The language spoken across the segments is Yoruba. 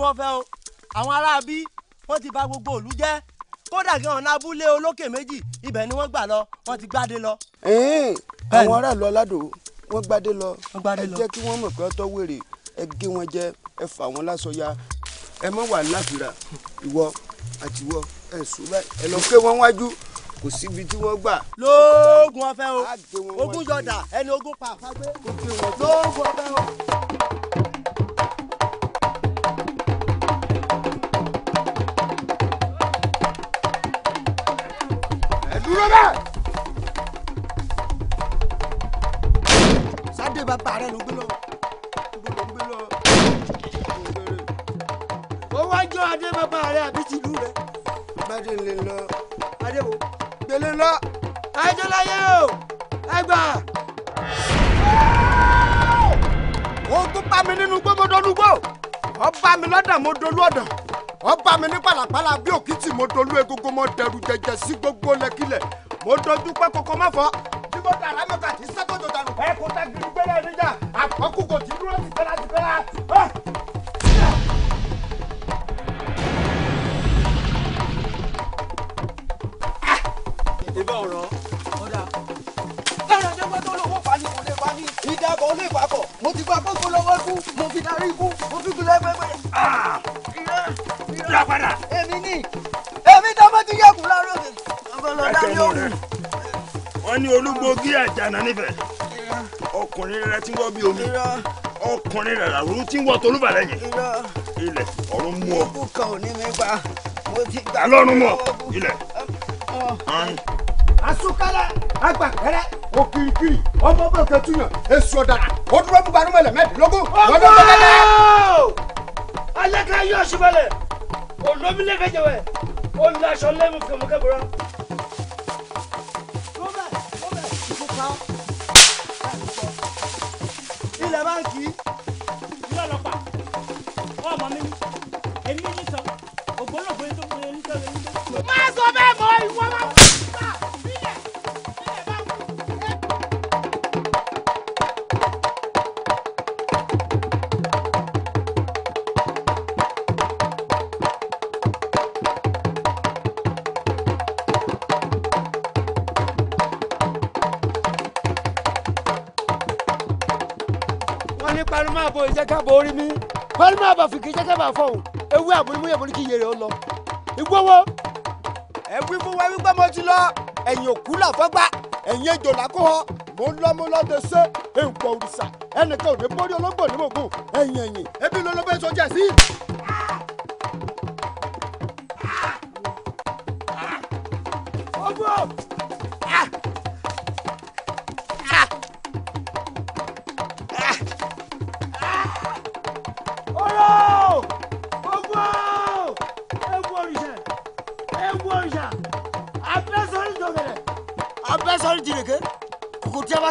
ogun ọ̀fẹ́ o àwọn aráabí wọ́n ti bà gbogbo ìlú jẹ́ kódà kí wọn lábúlé olókè méjì ibẹ̀ ni wọ́n gbà lọ wọ́n ti gbádé lọ. àwọn aráàlú aládò wọ́n gbádé lọ ẹ jẹ́ kí wọ́n mọ̀ pé ọtọ́ wèrè ẹ gé wọn jẹ ẹ fà wọn lásọ ya ẹ mọ̀ wà láfìrà ìwọ àtiwọ ẹ sùn bẹ́ẹ̀ ẹ lọ pé wọ́n wájú kò síbi tí wọ́n gbà. lóògùn ọ̀fẹ́ o ogún yọ̀dà ẹni ogún pa àfagbé lóògùn ọ̀fẹ́ o. dúró bẹ́ẹ̀. sáde bàbá rẹ ló gbé lọ ló gbé lọ ó wá jọ adé bàbá rẹ àbí tìlú rẹ. bàdé lè lọ adé wo gbélé lọ ẹjọ́ láyé o ẹgbà. ó tún bá mi nínú gbó mo mi lọ́dà mo dolú ọ̀dàn ọba mi ní pàlàpàlà bí òkìtì mo dolú egungun mo dẹrù jẹjẹ sí gbogbo lẹkìlẹ mo dojú pé kókó má fọ bí mo dàrá mi kàtí sẹ́kọ̀tò dànù. ẹ kò tá gidi gbẹ́lẹ́ níjà àkọ́kù kò tí dúró ti fẹ́ra ti fẹ́ra. ìbá ọ̀rọ̀ ọ̀dà. lára jẹ́gbẹ́ tó lówó fani kò lè fani ìdàgbọ́ lè fakọ̀ mo ti gba gbogbo lọ́wọ́ ikú mo fi darí ikú mo fi gbilẹ̀ pẹ́pẹ́. Ah! dá padà. èmi ni èmi tó bá ti yẹkùn láró mi ọgọlọdá yóò wù. wọ́n ní olúgbógi àjànà nífẹ̀ẹ́ ọkùnrin rẹ ti wọ́ bí omi ọkùnrin rẹ làwọn ti ń wọ́ tolúbà lẹ́yìn ilẹ̀ ọ̀run mú ọ. ikú kan ò ní mi pa mo ti gbà. alọ́run mọ̀ ilẹ̀. asukala agbàkẹrẹ okirikiri ọmọ bẹẹ kẹtùyàn èsù ọdàdà ó dúró bùbá numẹlẹ mẹ́ẹ̀ẹ́dínlógún. ọgbọ́n alẹ́ ká yọ ọ̀ṣùbọ̀lẹ̀ olómìnira kẹjọ wẹ ó laṣọ lẹ́mú kẹmọkẹbọra. ilẹ̀ bá ń kí. abo ìjẹ́kábọ̀ orí mi pẹ́ẹ́lí máa bà fìkì ìjẹ́kábọ̀ àfọ̀hún ewu àbúrúmúyẹ̀mú ní kí iye rẹ̀ ó lọ ìgbówó. ẹ wí fún wa wípé mo ti lọ ẹ̀yìn òkú làfọ́gbà ẹ̀yìn ejò làkóhọ́ mo ń lọ mo lọ de ṣe èèpọ̀ òrìṣà ẹnìkan ò ní borí ológbò nímọ̀gùn ẹ̀yìn ẹ̀yìn ẹbí ló ló fẹ́ sọjà sí.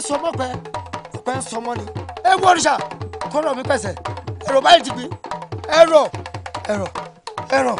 sọmọ pẹ ọpẹ ń sọmọ ni ẹ wọ òrìṣà kọlọ mi pẹsẹ ẹrọ báyìí ti gbin ẹrọ ẹrọ ẹrọ.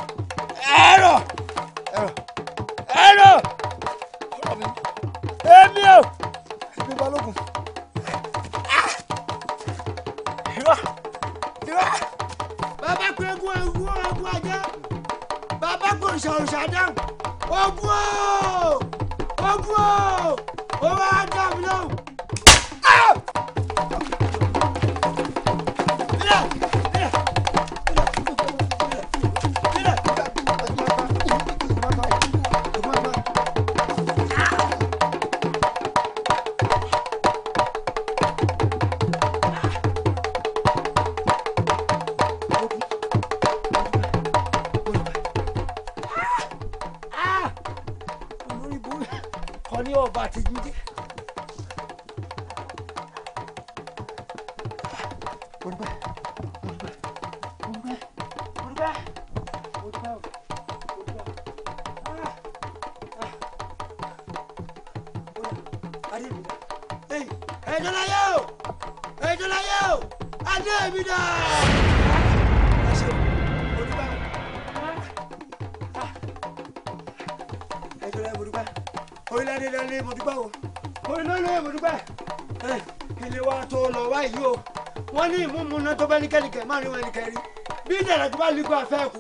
ẹnikẹ́ni kẹ̀ máa rí wọn ẹnikẹ́ni bí ìdàgbà bá lè gbọ́ afẹ́ kù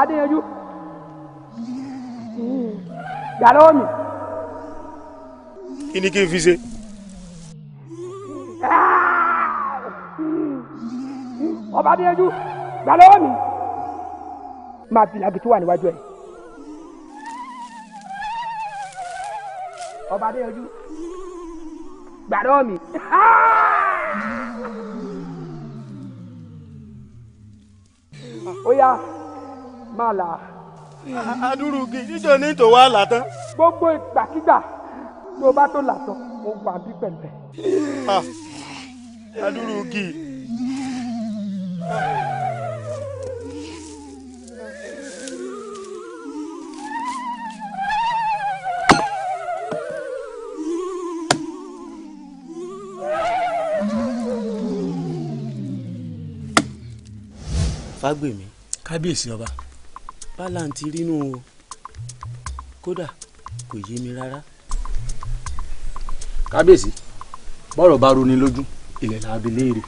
Adéyanjú gbà lọ́wọ́ mi. kí ni kí n fi ṣe. ọba Adéyanjú gbà lọ́wọ́ mi máa fi làgìtì wà níwájú ẹ̀. ọba Adéyanjú gbà lọ́wọ́ mi. ó yá máa là á. adúrú kì í jíjọ ní tòwá àlá tán. gbogbo ìgbàkigbà tó o bá tó là tán mo wà bí pẹ̀lẹ́. adúrú kì í. fágbèmí. kábíyèsí ọba bálà ń ti rínú o kódà kò yé mi rárá. kábíyèsí bọ́rọ̀ bá roni lójú ilẹ̀ la bi léèrè.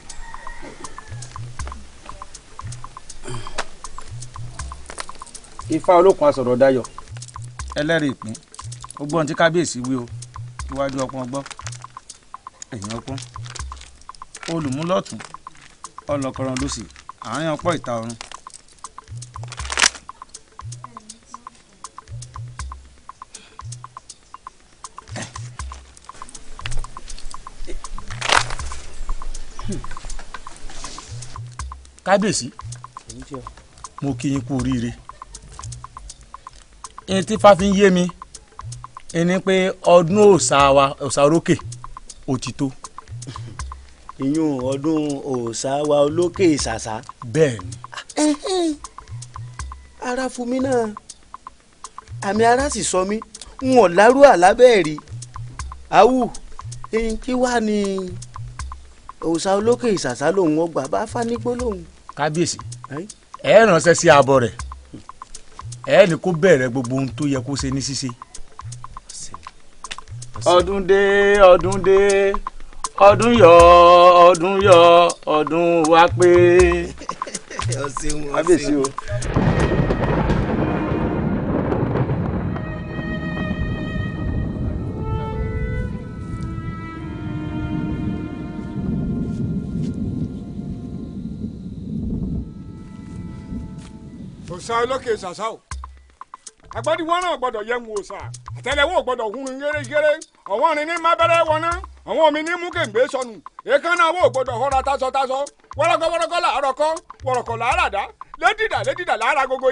ifá olókun asọ̀rọ̀ dayọ̀ ẹlẹ́rìí ìpín ó gbọ́n tí kábíyèsí wí o iwájú ọpọ́n gbọ́ ẹ̀yìn ọpọ́n olùmúlọ́tún ọlọ́kọ̀ràn lọ́sì àárín ọpọ́ ìta ọ̀run kábíyèsí mo kí yín kú oríire ẹni tí fáfi ń yé mi ẹni pé ọdún òòṣà wa òòṣà orókè ó ti tó. ìyún ọdún òòṣà wa olókè ìsàsà. bẹ́ẹ̀ ni. ara fún mi náà àmì ara sì sọ mí n ò lárú àlábẹ́ẹ̀rí awù ẹni tí wàá ní. Ni òòṣà olókè ìsàsá lòun ọgbà bá fanigbó lòun. kábíyèsí ẹ ránṣẹ́ sí abọ rẹ̀ ẹ ní kó bẹ̀rẹ̀ gbogbo ohun tó yẹ kó ṣe ní ṣíṣe. ọdún dé ọdún dé ọdún yọ ọdún yọ ọdún wá pé. ọ̀sẹ̀ wọn ọ̀sẹ̀ wọn. òòsà olókè ṣàṣàò àgbọ̀dìwọ́n náà gbọ́dọ̀ yẹ ń wo òòsà àtẹlẹwọ́ gbọ́dọ̀ hun gérégéré ọ̀wọ́n rin ní mábẹ́rẹ́ wọná àwọn ní mú sọnù èékánná họra làárà gbogbo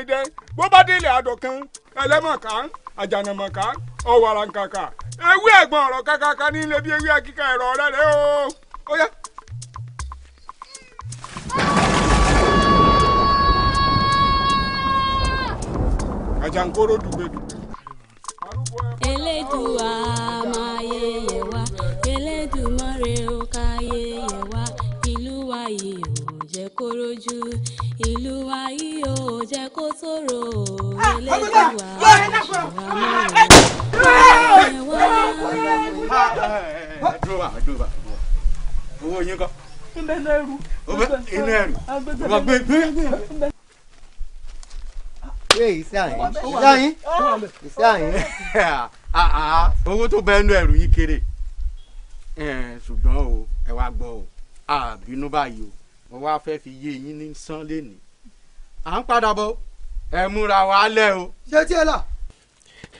àjàǹkóró dùgbèdù. elédùà máa yẹyẹ wá elédùmarè ó ká yẹyẹ wá ìlú wa yìí ò jẹ́ kó rojú ìlú wa yìí ò jẹ́ kó tòrò ah, elédùà máa yẹyẹ ah, eh. ah, eh, eh, wá. owó yín kọ́. ń bẹ inú ẹrù. àgbẹ̀dẹ̀ eléyìí sí àyín sí àyín sí àyín ah, ah, owó tó bẹ́ẹ̀ nú ẹrù yín kéré ṣùgbọ́n o ẹ wá gbọ́ o àbínú báyìí o mo wá fẹ́ fi yé yín ní sán lénìí à ń padà bọ̀ ẹ múra wa lẹ o. ṣé tí ẹ là.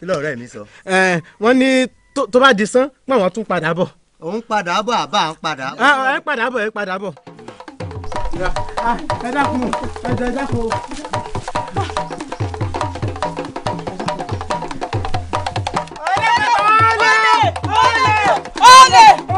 ilé ọ̀rẹ́ mi sọ. ẹ wọ́n ní tó bá di sán pọ́n wọ́n tún padà bọ̀. òun padà bọ̀ àbá ń padà bọ̀. Ah, ẹ padà bọ̀ ẹ padà bọ̀. ẹ dákun ẹ dákun.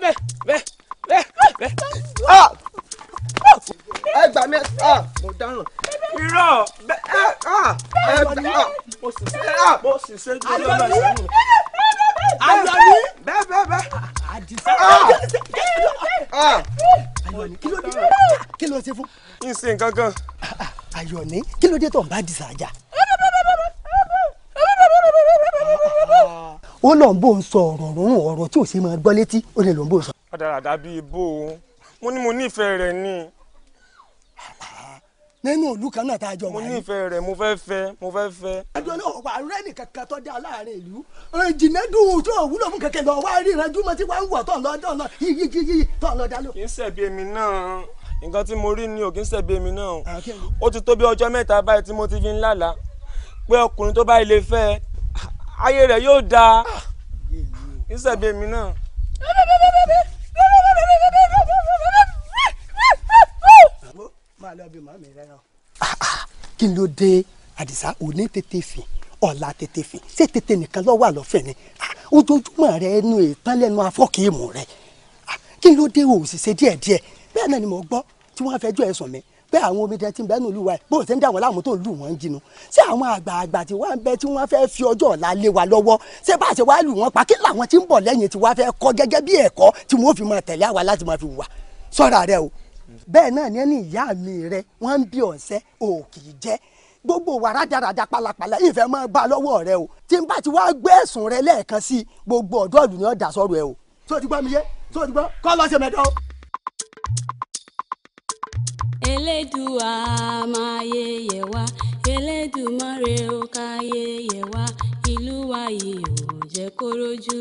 bẹ́ẹ̀ bẹ́ẹ̀ bẹ́ẹ̀ bẹ́ẹ̀ bẹ́ẹ̀. Ah! Ah! Ah! ẹ gbà mí mo dáràn. irọ́ mo sì ṣe mo sì ṣe jù lọ bá ṣe mú. Ayọ̀ni. bẹ́ẹ̀ bẹ́ẹ̀ bẹ́ẹ̀. Àdìsá. Ayọ̀ni kí ló dé kí ló ṣe fún. n ṣe nǹkan kan. Ayọ̀ni kí ló dé tó ń bá Àdìsá jà ó lọ́n bò ń sọ ọ̀rọ̀ rún ọ̀rọ̀ tí ò ṣe máa gbọ́ létí ó lè lọ́n bò ń sọ. àdàràdà bíi bó o mo ní mo nífẹ̀ẹ́ rẹ̀ ni. nínú òlú kan náà tá a jọ wà ní. mo nífẹ̀ẹ́ rẹ̀ mo fẹ́ fẹ́ mo fẹ́ fẹ́. àjọ náà wà rẹ́ nìkan kan tó dá láàrin ìlú jìnnẹ́dùn tó wúlò fún kẹ̀kẹ́ lọ wá rí ìrànjú mọ́ tí wàá ń wọ̀ tó ń lọ tó ń lọ yíyí yíyí tó ń lọ dá lò. kì í ṣẹ̀bi èmi náà nǹkan tí mo rí ni òkè ń ṣẹ̀bi èmi náà ah, ó ti tó bí ọjọ́ mẹ́ta báyìí tí mo ti fi ń lálàá pé ọkùnrin tó bá ilé fẹ́ ayé rẹ̀ yóò dáa ìṣẹ̀bí ah. èmi náà. Ah, ah. kí ló dé àdìsá òní tètè fìn ọ̀la tètè fìn ṣé tètè nìkan lọ́wọ́ àlọ́fẹ́ ni ojoojúmọ́ rẹ ẹnu ìtàn lẹ́nu afọ́kì ìmù rẹ kí ló dé òṣìṣẹ́ díẹ̀díẹ̀ bẹ́ẹ̀ náà ni mo gbọ́ tí wọ́n fẹjọ́ ẹ̀sùn mi pé àwọn omi tẹ́tí bẹ́ẹ̀ nílùú wa bó ṣe ń dà wọ́n láàmú tó ń lù wọ́n jinu ṣé àwọn àgbààgbà tí wọ́n bẹ tí wọ́n fẹ́ fi ọjọ́ ọ̀la lé wa lọ́wọ́ ṣé bá ṣe wá lù wọ́n pa kí làwọn tí ń bọ̀ lẹ́yìn tí wọ́n fẹ́ kọ́ gẹ́gẹ́ bí ẹ̀kọ́ tí wọ́n fi máa tẹ̀lé àwa láti máa fi wà sọ́ra rẹ o bẹ́ẹ̀ náà ní ẹni ìyá mi rẹ wọ́n ń bí ọ̀sẹ́ òkì jẹ́ gbogbo wa rádaràda palapala ìfẹ́ máa bá lọ́wọ́ rẹ o tí n bá ti wá gbé ẹ̀sùn rẹ lẹ́ẹ̀kan sí i gbogbo ọ̀dọ́ ìlú ni ó dà sọ́rọ̀ ẹ o. tó o ti gbọ́ mi yé tó o ti gbọ́ kọ́ lọ́sẹ̀ mẹ́tọ́. Eledua ma yẹyẹ wá elédùmarè ó ká yẹyẹ wá ìlú wa iluwa ò jẹ́ kó rojú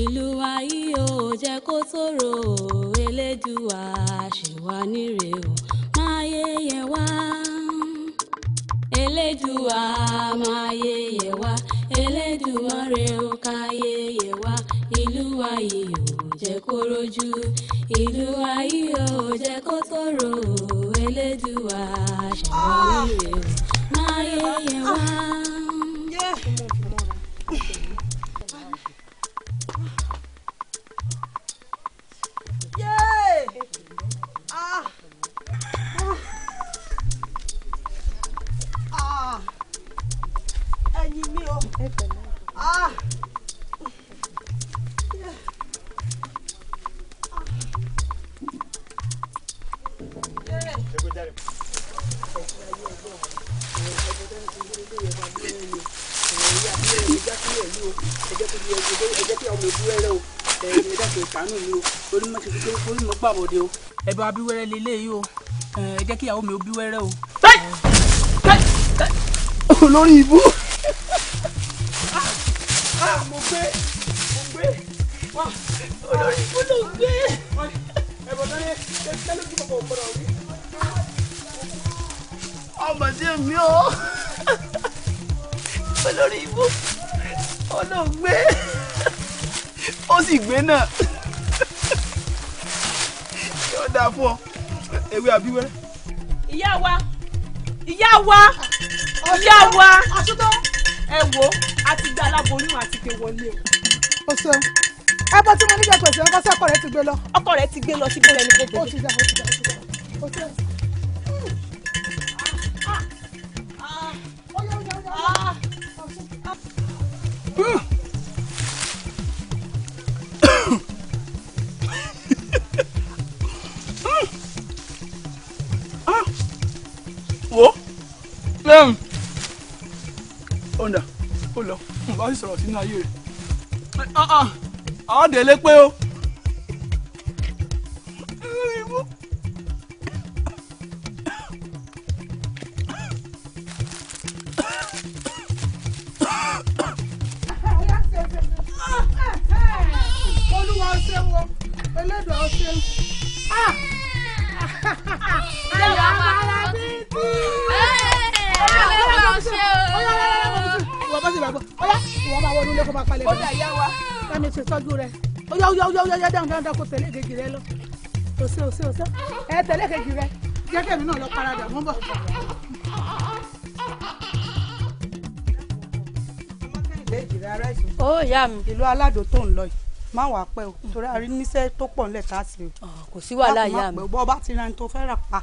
ìlú wa yìí ò jẹ́ kó tòrò elédùà ṣì wá nírè ó máa Elédùà ma yẹyẹ wá Elédùà rẹ ó ká yẹyẹ wá ìlú ayé ò jẹ́ kó rojú ìlú ayé ò jẹ́ kó tòrò Elédùà ṣàwárí rẹ gbàbọ̀dé ẹ bá bí wẹ́rẹ́ lélẹ́yìí o ẹ jẹ́ kí ìyàwó mi ó bí wẹ́rẹ́ o. olórí ibú mo gbé mo gbé wá olórí mo lọ gbé. ẹ̀bọ̀n náà yẹ kẹ́lẹ́ ojú bàbá òun gbọ́dọ̀ rí. ọmọ sí mi o olórí ibú olóògbé ó sì gbé náà yóò dáa fún ọ ewé àbíwẹ́. ìyá wa ìyá wa ah, ìyá wa ẹ wò àti gba aláboyún àti gbé wọlé o. o ṣeun ẹbọ tí mo ní kẹkọọ ìṣẹ̀lẹ̀ kọsí ọkọ rẹ ti gbé lọ. ọkọ rẹ ti gbé lọ sí bẹ̀rẹ̀ ní gbogbo. o ti dà o ti dà o ti dà o ti dà. Ugh! sọ̀rọ̀ sínú ayé rẹ̀ ọ̀ọ́dẹ̀ ah, ah, lé pé o mo ń ó yá mi. ìlú aládò tó ń lọ yìí má wàá pẹ́ o torí a rí níṣẹ́ tó pọ̀ nílẹ̀ tá a sì. kò sí wàhálà ìyá mi. bọ́ bá ti ra ẹni tó fẹ́ rà pa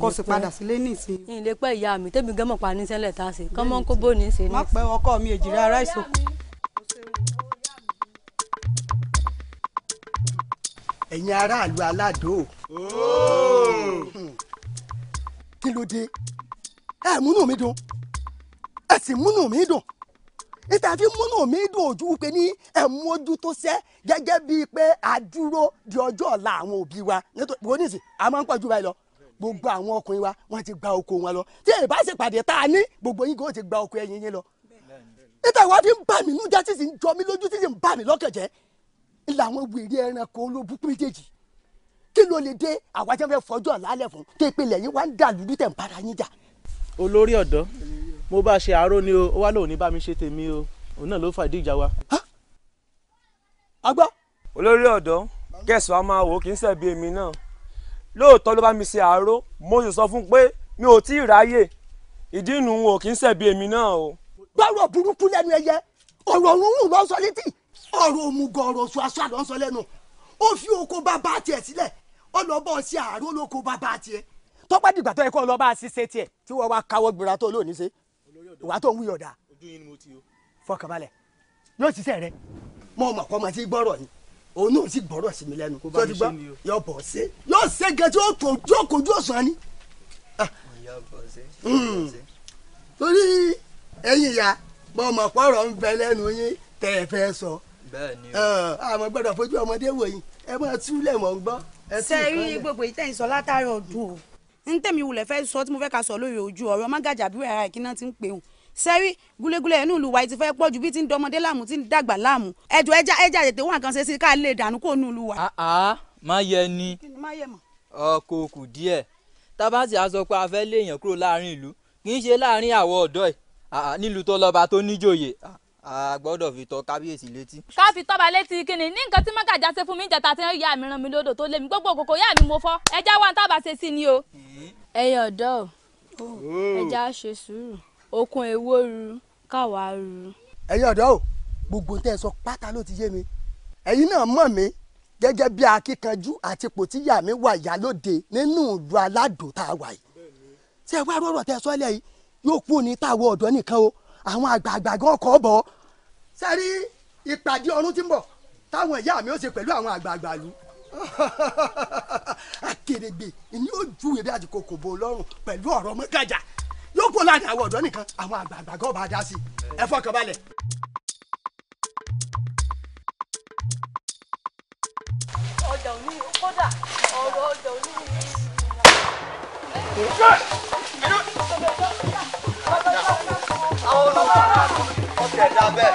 kò sì padà sílé nísìnyí. ìlé pẹ́ ìyá mi tẹ́mi gẹ́mọ̀ pa níṣẹ́ nílẹ̀ tá a sì kọ́ mọ́ kó bó ní í ṣe ní. má pẹ́ ọkọ mi èjìrì ara ìṣó. ẹ̀yin aráàlú aládò kí ló dé ẹ múnú mi dùn ẹ sì múnú mi dùn níta fi múnú mi dùn ojú pé ní ẹ mú ojú tó sẹ gẹ́gẹ́ bíi pé a dúró di ọjọ́ ọ̀la àwọn òbí wa nítorí wọn nísì a máa ń pọ̀ jù báyìí lọ gbogbo àwọn ọkùnrin wa wọ́n ti gba oko wọn lọ tí èyí bá sì pàdé tá a ní gbogbo yín kò ti gba oko ẹyin yín lọ níta ìwà fi ń bà mí nújà tí jọ mí lójú tí bà mí lọ́kàn jẹ́ làwọn wèrè ẹranko olóbùkún méjèèjì kí ló lè dé àwa jẹ́ fẹ́ fọjọ́ àlálẹ̀ fún tó ìpìlẹ̀ yìí wá ń dà lùdú tẹ̀ ń para yín jà. olórí ọ̀dọ́ mo bá ṣe àárò ni o ó wá lóun ní bá mi ṣe tèmi o òun náà ló fàdí ìjà wa. agbọ́. olórí ọ̀dọ́ kẹsàn-án máa wò ó kì í èmi náà lóòótọ́ ló bá mi ṣe àárò mo sì sọ fún un pé mi ò tí ì ráyè ìdí inú o kì í ṣẹ̀bi èmi náà o. gbọ́rọ̀ burúkú lẹ́nu ẹyẹ ọ̀rọ̀ òun ló ń sọ létí ọ̀rọ̀ òmùgọ̀ ọ̀rọ̀ oṣù aṣọ àlọ́ ń sọ lẹ́nu ó fi oko bàbá tiẹ̀ sílẹ̀ ó lọ bọ́ ọ sí àárò olóko bàbá tiẹ̀. tọ́pẹ́ dìgbà tó yẹ kó lọ bá a ṣiṣẹ́ tiẹ̀ tí wọ́n wá káwọ́ gbéra tó lóòní ṣe ìwà tó ń wúyọ̀ dá. ojú yín ni mo ti o. fọkànbalẹ̀ yóò ṣiṣẹ́ rẹ mo mọ̀ kọ́ ma ti gbọ́rọ̀ ni òun náà sì gbọ́rọ̀ sí mi lẹ́nu tó ti gbọ́ yóò bọ̀ ṣe yóò ṣe gẹ tí yóò kojú ọ̀sán ni. Ah. Hmm. torí ẹ̀yin ya mo mọ̀ kọ́rọ̀ ń bẹ lẹ́nu yín tẹ̀ fẹ́ sọ àmọ́ ah, gbọ́dọ̀ fojú ọmọdé wò ẹ máa túlẹ̀ mọ̀ ń gbọ́ ṣe rí gbogbo ìtẹ́ ìsọ látàrí ọdún o ń tẹ̀mí wulẹ̀ fẹ́ sọ tí mo fẹ́ ka sọ lórí ojú ọ̀rọ̀ mágàjà bí wàrà ìkíná ti ń pè wọn sẹ́rí gúlégúlé ẹnu ìlú wa ti fẹ́ pọ̀ ju bí ti ń dọmọdé láàmú ti ń dàgbà láàmú ẹjọ́ ẹja ẹja tètè wà nǹkan ṣe sí ká lè dànù kó nu ìlú wa. àá ah, ah, má yẹ ni ọkọ òkú díẹ̀ tábà tí a pé a fẹ́ lé èèyàn kúrò láàrin ìlú kì í ṣe láàrin àwọn ọ̀dọ́ ẹ̀ ah, nílùú tó lọ́ba tó níjòyè a gbọ́dọ̀ fi tọ́ kábíyèsí létí. ká fi tọ́ba létí kíni ní nǹkan tí mọ́gàjà ṣe fún mi ìjẹta tí ìyá mi ràn mí lódò tó lé mi gbogbo òkòkò ìyá mi mo fọ́ ẹja wa ń tábà ṣe sí ni o. ẹ̀yin ọ̀dọ́ o ẹja ṣe sùúrù okun ewo ru káwa ru. ẹ̀yin ọ̀dọ́ o gbogbo tẹ́ ẹ sọ pátá ló ti yé mi ẹ̀yin náà mọ̀ mi gẹ́gẹ́ bí akíkanjú àti ipò tí ìyá mi wà ìyálóde nínú ìlú aládùn tá a wà yìí ṣé ẹ wá rọrọ tẹ́ sọ ẹ lẹ́yìn yóò kú òní táwọn ọ̀dọ́ nìkan o àwọn àgbààgbà gan kọ́ bọ̀ sẹ́rí ìpàdé ọ̀run tí ń bọ̀ táwọn ìyá mi ó ṣe pẹ̀lú àwọn àgbààgbà lu akèrègbè ni ó ju ìbí àti kòkòbò lọ́rùn pẹ̀lú ọ̀rọ̀ mọ́kàjà yóò kó láàrin àwọn ọ̀dọ́ nìkan àwọn àgbààgbà gan bá dá sí ẹ fọkàn balẹ̀. ọjà òní kódà ọ̀rọ̀ ọjà òní ọ̀tẹ̀ dábẹ́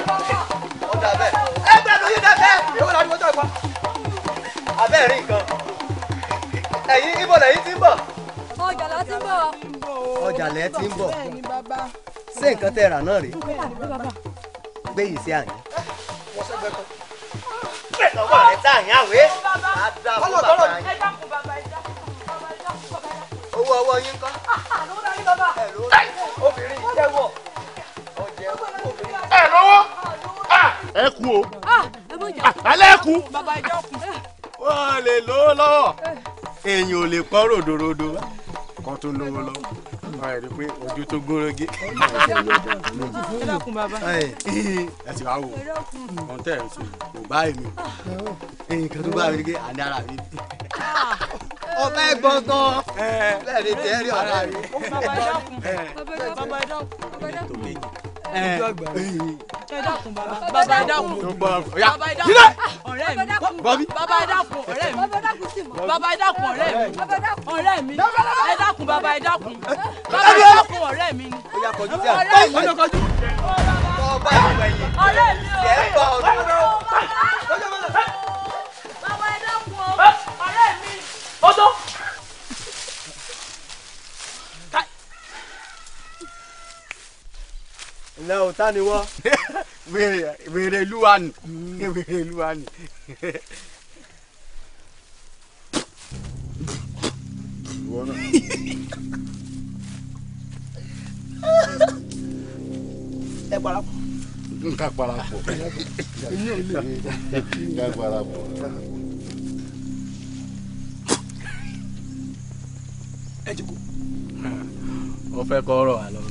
ọ̀tẹ̀ dábẹ́ ẹgbẹ́ lóyún dábẹ́ èwo la ni mo tọ́ ìpa abẹ́ rí ibo lẹ́yìn ti ń bọ̀. ọjà lẹ ti ń bọ̀. ọjà lẹ ti ń bọ̀ ṣé nǹkan tẹ rà obìnrin jẹ́wọ́. ẹ kú o ah, alẹ́ kú wọ́n lè lò ó lọ́wọ́ èèyàn ò lè pọ́n ròdòròdò kan tó lówó lọ́wọ́ báyìí rí pé ojú tó gbórógé. ẹ sì wá wò ó tẹ̀ ẹ́ sọ kò bá èmi o nǹkan tó bá mi gé àní ara mi. ọbẹ̀ gbọ̀ngàn bẹ́ẹ̀ ni tẹ́ẹ̀rí ọ̀rá mi ẹ dákun bàbá bàbá ẹ dákun bàbá ẹ dákun ọ̀rẹ́ mi bàbá ẹ dákun ọ̀rẹ́ mi bàbá ẹ dákun ọ̀rẹ́ mi ọ̀rẹ́ mi ẹ dákun bàbá ẹ dákun bàbá ẹ dákun ọ̀rẹ́ mi ni ọ̀rẹ́ mi ọ̀rẹ́ mi ọ̀rẹ́ mi ọ̀rẹ́ mi. ǹlẹ́ o ta ni wọ́. wèrè wèrè lúwa nì mm. wèrè lúwa nì. ẹ parapọ̀. n ka parapọ̀ n ka parapọ̀. ẹ jẹ́ kó. o fẹ́ kọ́ ọ̀rọ̀ wa lọ.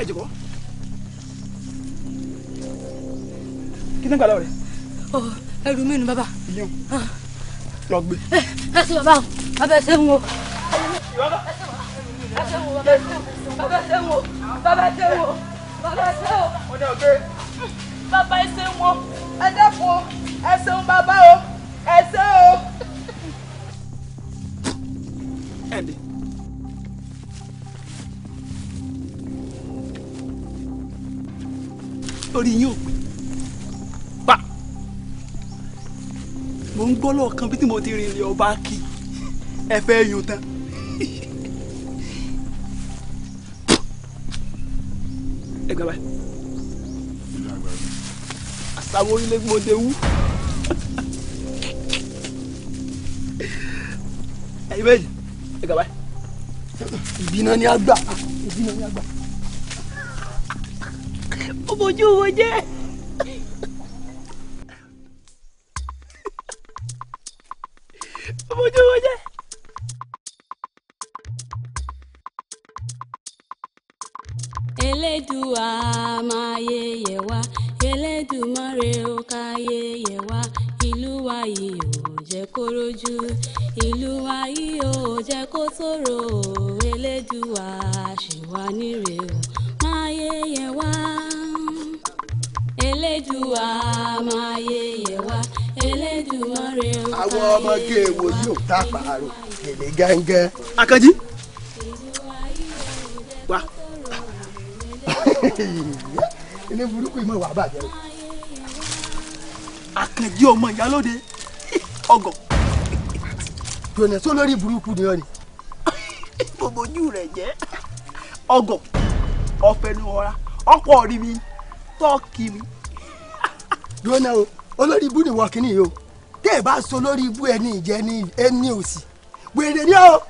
ẹ jẹ́ bọ́. kí ni gbàlọ́ rẹ. ọ ẹrù mi nu bàbá. yíyan ah. lọ gbé. Eh, ẹ ẹ ṣe bàbá o bàbá ẹ ṣe ń wo. ẹ ṣe ń wo bàbá ẹ ṣe ń wo bàbá ẹ ṣe ń bàbá ẹ ṣe ń bàbá ẹ ṣe ń wo. ó dẹ́ bàbá ẹ ṣe ń ẹ dẹ́kun ẹ ṣeun bàbá o ẹ ṣe o. ẹ̀ndì. orí yín ò pé pa mo ń gbọ́ lọ́ọ̀kan bí tí mo ti rìn ilé ọba kí ẹ fẹ́ yun tán. ẹ gbà báyìí àsàwọ̀ orílẹ̀ gbòde wú. ẹ̀yin méjì ẹ gbà báyìí ìbínà ni a gbà ìbínà ni a gbà. 我就回去。èwo tí ò tá gèlè gángán. Akanji wá. ilé burúkú yìí mọ̀ wá bàjẹ́ o. Akanji ọmọ ìyálóde ọgọ̀. jọ̀nà tó lórí burúkú ni ọ ni. gbogbo ojú rẹ̀ o olórí ibú ni nìyí tẹ́ ẹ bá so lórí ibú ẹni ìjẹ́ ní ẹni òsì wèrè ni ó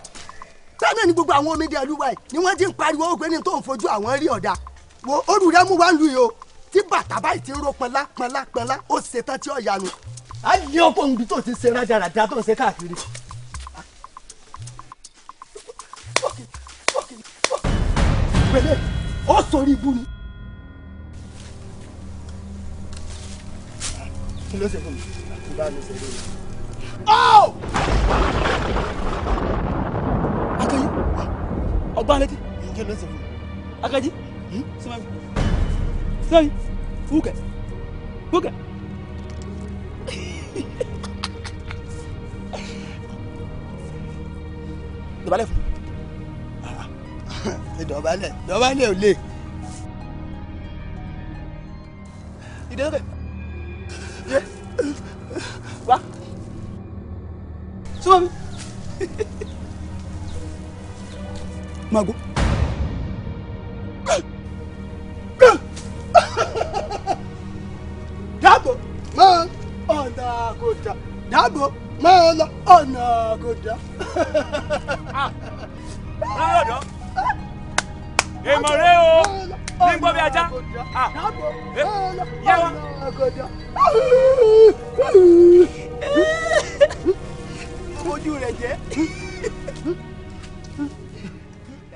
tẹ́lẹ̀ ní gbogbo àwọn omidan ìlúwa yìí ni wọ́n ti ń pariwo ògbé ní tó ń fojú àwọn rí ọ̀dà wo olùrẹ́mú wa ń lu yìí o tí bàtà báyìí ti ń ro pọnlá pọnlá pọnlá ó ṣe tán tí ó yanu. a lè ọkọ òǹbí tó ti ṣe rádaràda tó ń ṣe káàkiri. pẹ̀lẹ́ ó sori ibu ni. kí ló ṣe fún mi. Oh! Akaji, ọgbà létí. Ǹjẹ́ ló ń sọ fún mi? Akaji, hmm? sọ́mọ́ mi. Sọ́mọ́ mi, fúkẹ́, fúkẹ́. Dọ̀bálẹ̀ fún mi. Ah, dọ̀bálẹ̀, dọ̀bálẹ̀ ò lè. Ìdẹ́rẹ̀ wá súnmọ́ mi. mago. dáàbò máa ọ̀nà àgọ́dà dáàbò máa lọ ọ̀nà àgọ́dà. lọ́dọ̀ èèmọ̀ rẹ o ní gbọ́ bí ajá. Ah. dáàbò eh, máa lọ ọ̀nà àgọ́dà ojú rẹ̀ jẹ́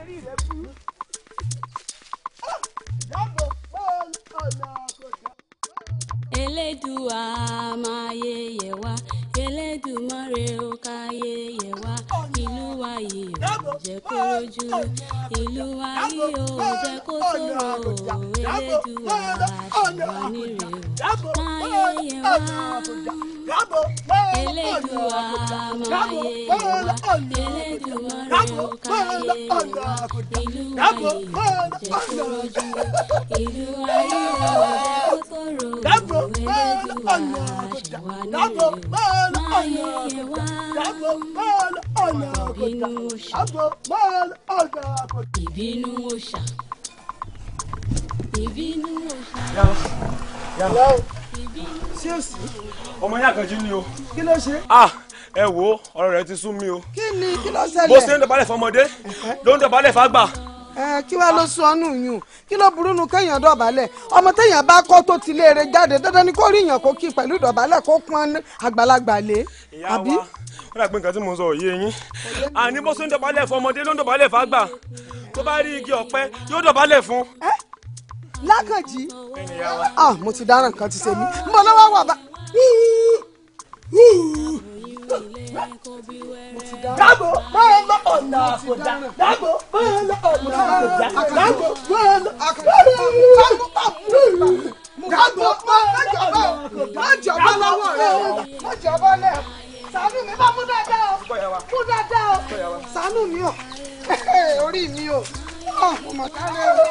ẹ̀rí rẹ̀ bú. yàgò bọ́ọ̀lù ọ̀nà elédùà ma ye yẹ wá elédùmarè ó ká yẹ yẹ wá ìlú wa yìí ó jẹ́ kó rojú ìlú wa yìí ó jẹ́ kó tòrò elédùà ṣèwà nírè ó máa yẹ yẹ wá elédùà máa yẹ yẹ wá elédùmarè ó wa yìí ó jẹ́ kó rojú ìlú wa yìí ó dàgbò bọ́ọ̀lù ọ̀nà àgùdà dàgbò bọ́ọ̀lù ọ̀nà àgùdà dàgbò bọ́ọ̀lù ọ̀nà àgùdà dàgbò bọ́ọ̀lù ọ̀nà àgùdà. ìbínú òòṣà ìbínú òòṣà. yàrá yàrá o sí èsì ọmọ yín àkànjú ni o. kí ló ṣe. ah ẹ wo ọ̀rọ̀ rẹ ti sú mi o. kí ni kí ló ṣẹlẹ̀. bó ṣe ń dọ̀bálẹ̀ fọmọdé ló ń dọ̀bálẹ̀ fágbà ẹ kí wàá ló sọ ọ́nù yùn kí ló burú nu kéèyàn dọ̀bálẹ̀ ọmọ téèyàn bá kọ́ tó ti léèrè jáde dandan ni kó rí yàn kó kí pẹ̀lú ìdọ̀bálẹ̀ kó pọn àgbàlagbà lé àbí. ó dà pé nǹkan tí mo sọ yé yín àní bó ṣe ń fún ọmọdé ló ń dọ̀bálẹ̀ fágbà tó bá rí igi ọ̀pẹ yóò dọ̀bálẹ̀ fún. lákànjì ah, mo ti dáràn kan ti ṣe mí mo lọ́wọ́ wà bá Dàgbò máa lọ ọ̀nà àkọ́dá. Dàgbò máa lọ ọ̀nà àkọ́dá. Dàgbò máa lọ àkọ́dá. Dàgbò máa lọ àkọ́dá. Má jọba lọ́wọ́ rẹ̀ o. Má jọba lẹ̀. Ṣàánú mi bá mú dáadáa o. Mú dáadáa o. Ṣàánú mi o. Orí mi o. Ọmọ kálẹ̀ o.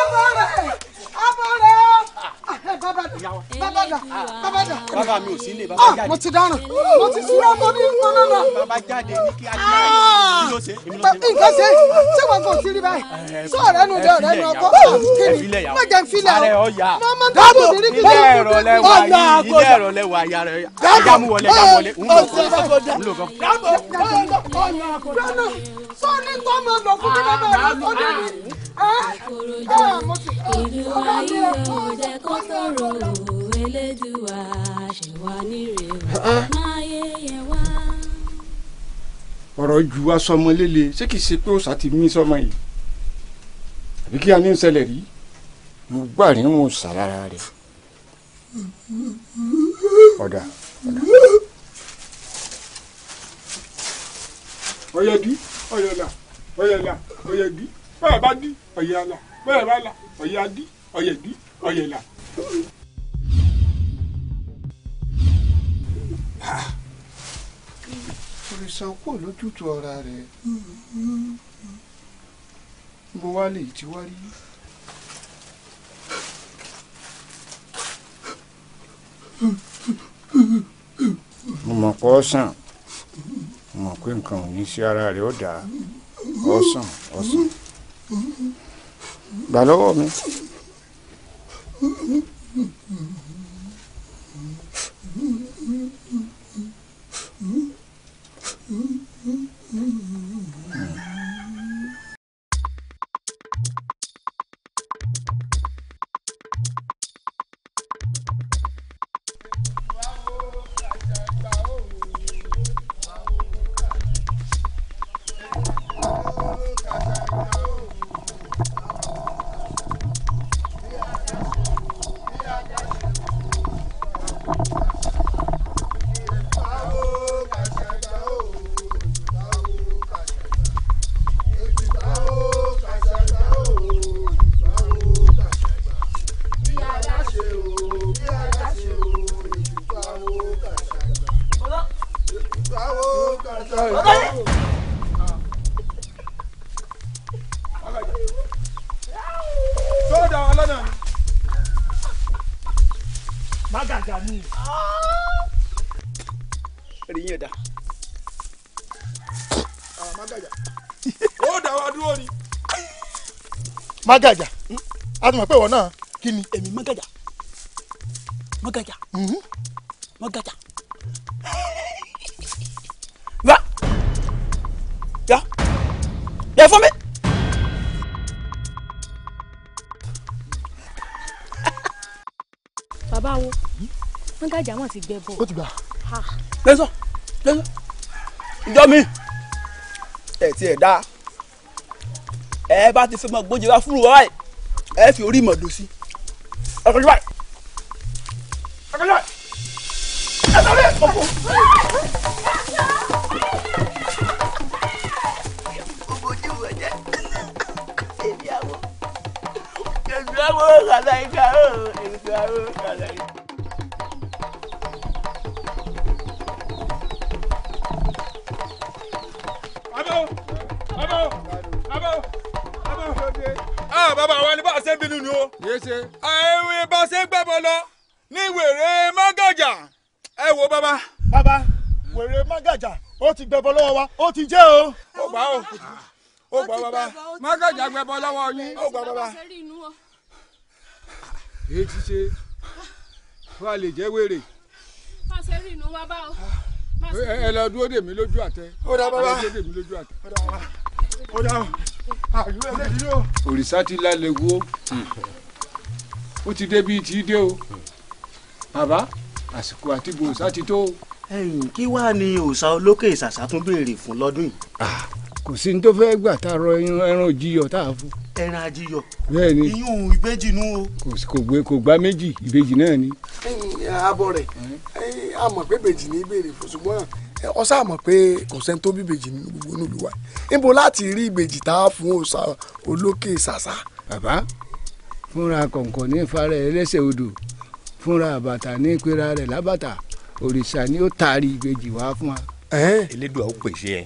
Ọmọ rẹ̀ abọ́rẹ́ o ah, bàbá dà bàbá dà bàbá dà. bàbá mi ò sí ilé bàbá ah, jáde. mo ti dáràn mo ti sí ọmọ ní nǹkan náà. bàbá jáde ní kí ajá yìí ah! ló ṣe. nǹkan ṣe ṣé wọn kò sí rí báyìí eh, sọ ọ̀rẹ́ nu dẹ ọ̀rẹ́ nu ọkọ eh, kí ni má jẹ nfilẹ o mo mọ dábò ní kí ni. ilé ẹ̀rọ lẹ́wọ̀ ayá rẹ̀ ajá mu wọlé ajá mu wọlé ń lò kọ́. dábò ọ̀nà àkọ́dá sọ ní tọ́mọ̀ lọ́kùnrin náà lọ́kùnrin náà ìkorojọ ah, ìlú ayé òde kó tóró elédùà ṣèwà nírè ah, ah. máyé yẹ wá. ọ̀rọ̀ ju asọmọ lélẹ̀ ṣé kìí ṣe pé òòṣà ti mí sọmọ yìí àbí kí a ní ṣẹlẹ̀ rí mo gbà ní mo sà lára rẹ̀ ọ̀dà ọ̀dà. ọ̀yẹ̀dí ọ̀yẹ̀là ọ̀yẹ̀là ọ̀yẹ̀dí dí ọ̀yẹ̀ àlà bẹ́ẹ̀ bá là ọ̀yẹ̀ adí ọ̀yẹ̀ dí ọ̀yẹ̀ là. òrìṣà kò lójútu ọ̀ra rẹ̀ bó wá lè ti wá rí. mo mọ̀ pé ó sàn mo mọ̀ pé nǹkan ò ní sí ara rẹ̀ ó dáa ó sàn ó sàn. Valor, né? Mm-hmm. rí yín da Magaja ó dá wa dúró ni. Magaja a ti mọ̀ pé ìwọ náà kí ni. Èmi Magaja Magaja Magaja. Gba ya yẹ fún mi. Bàbá wo, Magaja mọ̀ ti gbẹ bọ̀. Ó ti gbà. Bẹ́sọ̀ jọ mi ẹ ti ẹ dáa ẹ bá ti fẹ́ mọ gbóúnjẹ wá fúru wáyé ẹ fi orí ìmọ̀ dùn sí ọkọ̀jọ́ báyìí ọkọ̀jọ́ báyìí ẹ sọ mi ọkọ̀. Vamos a la cara, el caro, a la cara. ṣe bínú ni o. yéṣe. ẹ̀wẹ̀ bá ṣe gbẹ́bọ lọ ní wèrè mágàjà ẹ wo bàbá. bàbá wèrè mágàjà ó ti gbẹ́bọ lọ́wọ́ wa ó ti jẹ́ o. ó gbà o ó gbà bàbá mágàjà gbẹ́bọ lọ́wọ́ yín ó gbà bàbá. èyí ti ṣe wàá lè jẹ́ wèrè. má ṣe rí inú wa bá o ẹ lọ dúró dè mí lójú àtẹ. ó dá bàbá ó dá bàbá ó dá bàbá òrìṣà ti lálẹ́ wo ó ti dé bíi ti dé o bàbá àsìkò àti bòòsà ti tó. ẹ̀yin kí wàá ní òòṣà olókè ìsàsà tún béèrè fún lọ́dún yìí. kò sí ní tó fẹ́ gbà tá a rọ ẹran òjìyọ tá a fún. ẹran àjìyọ bẹ́ẹ̀ni iyún ìbejì nù o. kò gbé kò gbá méjì ìbejì náà ni. abọ rẹ a mọ̀ pé ìbejì ní ìbéèrè fún ṣùgbọ́n ọsà mọ̀ pé kò sẹ́ni tó bí ìbejì nínú gbogbo nílùú wa níbo láti rí ìbejì tá a fún òòṣà olókè ṣàṣà. bàbá fúnra kọ̀ǹkọ̀ ní ìfarẹ́ ẹlẹ́sẹ̀ odò fúnra àbàtà ní ìpera rẹ̀ lábàtà òrìṣà ni ó taari ìbejì wá fún wa. elédùn àwọn pèsè ẹ.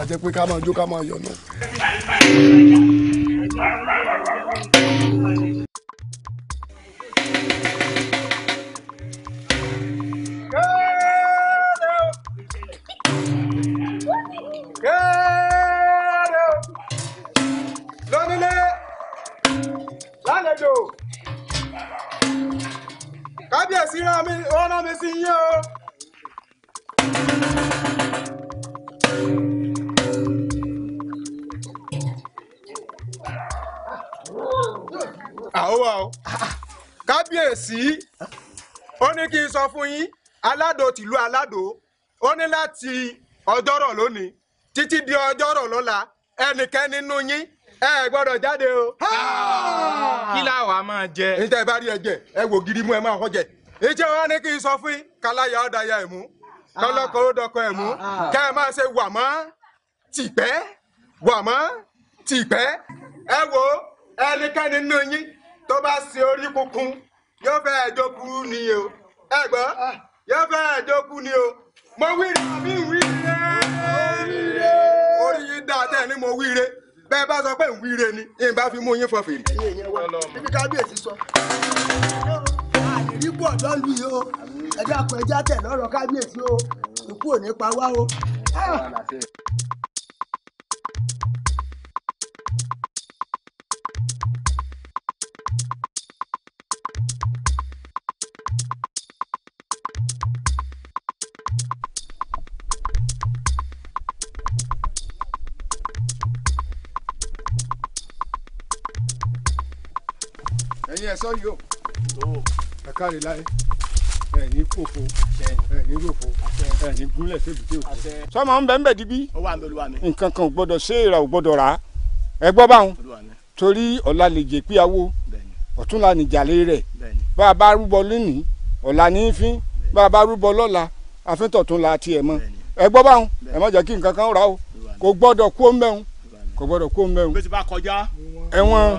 a jẹ́ pé ká máa jó ká máa yọ̀ náà. ti rán mi sí yín o. àwa o kábíyèsí ó ní kí n sọ fún yín aládò tìlú aládò ó ní láti ọjọ́rọ̀ lónìí títí di ọjọ́rọ̀ lọ́la ẹnikẹ́ni nínú yín ẹ gbọ́dọ̀ jáde o. kí la wàá máa jẹ. níta ìbá rí ẹ jẹ ẹ wò gidi mú ẹ máa hó jẹ ìjẹ́ wa ní kí n sọ fún yín káláyà ọ̀dà ya ẹ̀mú ah. kọ́lọ́kọ́ ó dọkọ ẹ̀mú ah, ah. kẹ́ ẹ máa ṣe wà mọ́ tìpẹ́ wà mọ́ tìpẹ́ ẹ wo ẹnikẹ́ni nínú yín tó bá ṣe orí kunkun yóò fẹ́ ẹ̀dókú ni o ẹ gbọ́ yóò fẹ́ ẹ̀dókú ni o mo wíire àbí wíire orí yín dáa tẹ́ ẹ ní mo wíire bẹ́ẹ̀ bá sọ pé ń wíire ni ìbá fi mú yín fọ fèrè. ibi kábíyèsí sọ àforí pọ̀ lọ́lù yìí o ẹ̀dá kan ẹja tẹ̀ lọ́rọ̀ kábíyèsí o ikú ò ní pa wá o. ẹ̀yin ẹ̀sọ́ yìí o ẹ káre láyé ẹ ní kòfo ẹ ní ròfo ẹ ní gúnlẹ̀ sébùté òkú. sọmọ ń bẹ ń bẹ dibi nǹkan kan ò gbọ́dọ̀ ṣe ìrà ò gbọ́dọ̀ rà ẹ gbọ́ báwọn torí ọ̀la lè jẹ́ píyàwó ọ̀túnla nìjàlè rẹ̀ bá a bá rúbọ lónìí ọ̀la ní í fín bá a bá rúbọ lọ́la àfẹ́tọ̀tún la tiẹ̀ mọ́ ẹ gbọ́ báwọn ẹ má jẹ́ kí nǹkan kan rà o kò gbọ́dọ̀ kó mẹ́un kò gbọ́dọ̀ kó mẹ́un. bó ti bá kọjá ẹ̀wọ̀n.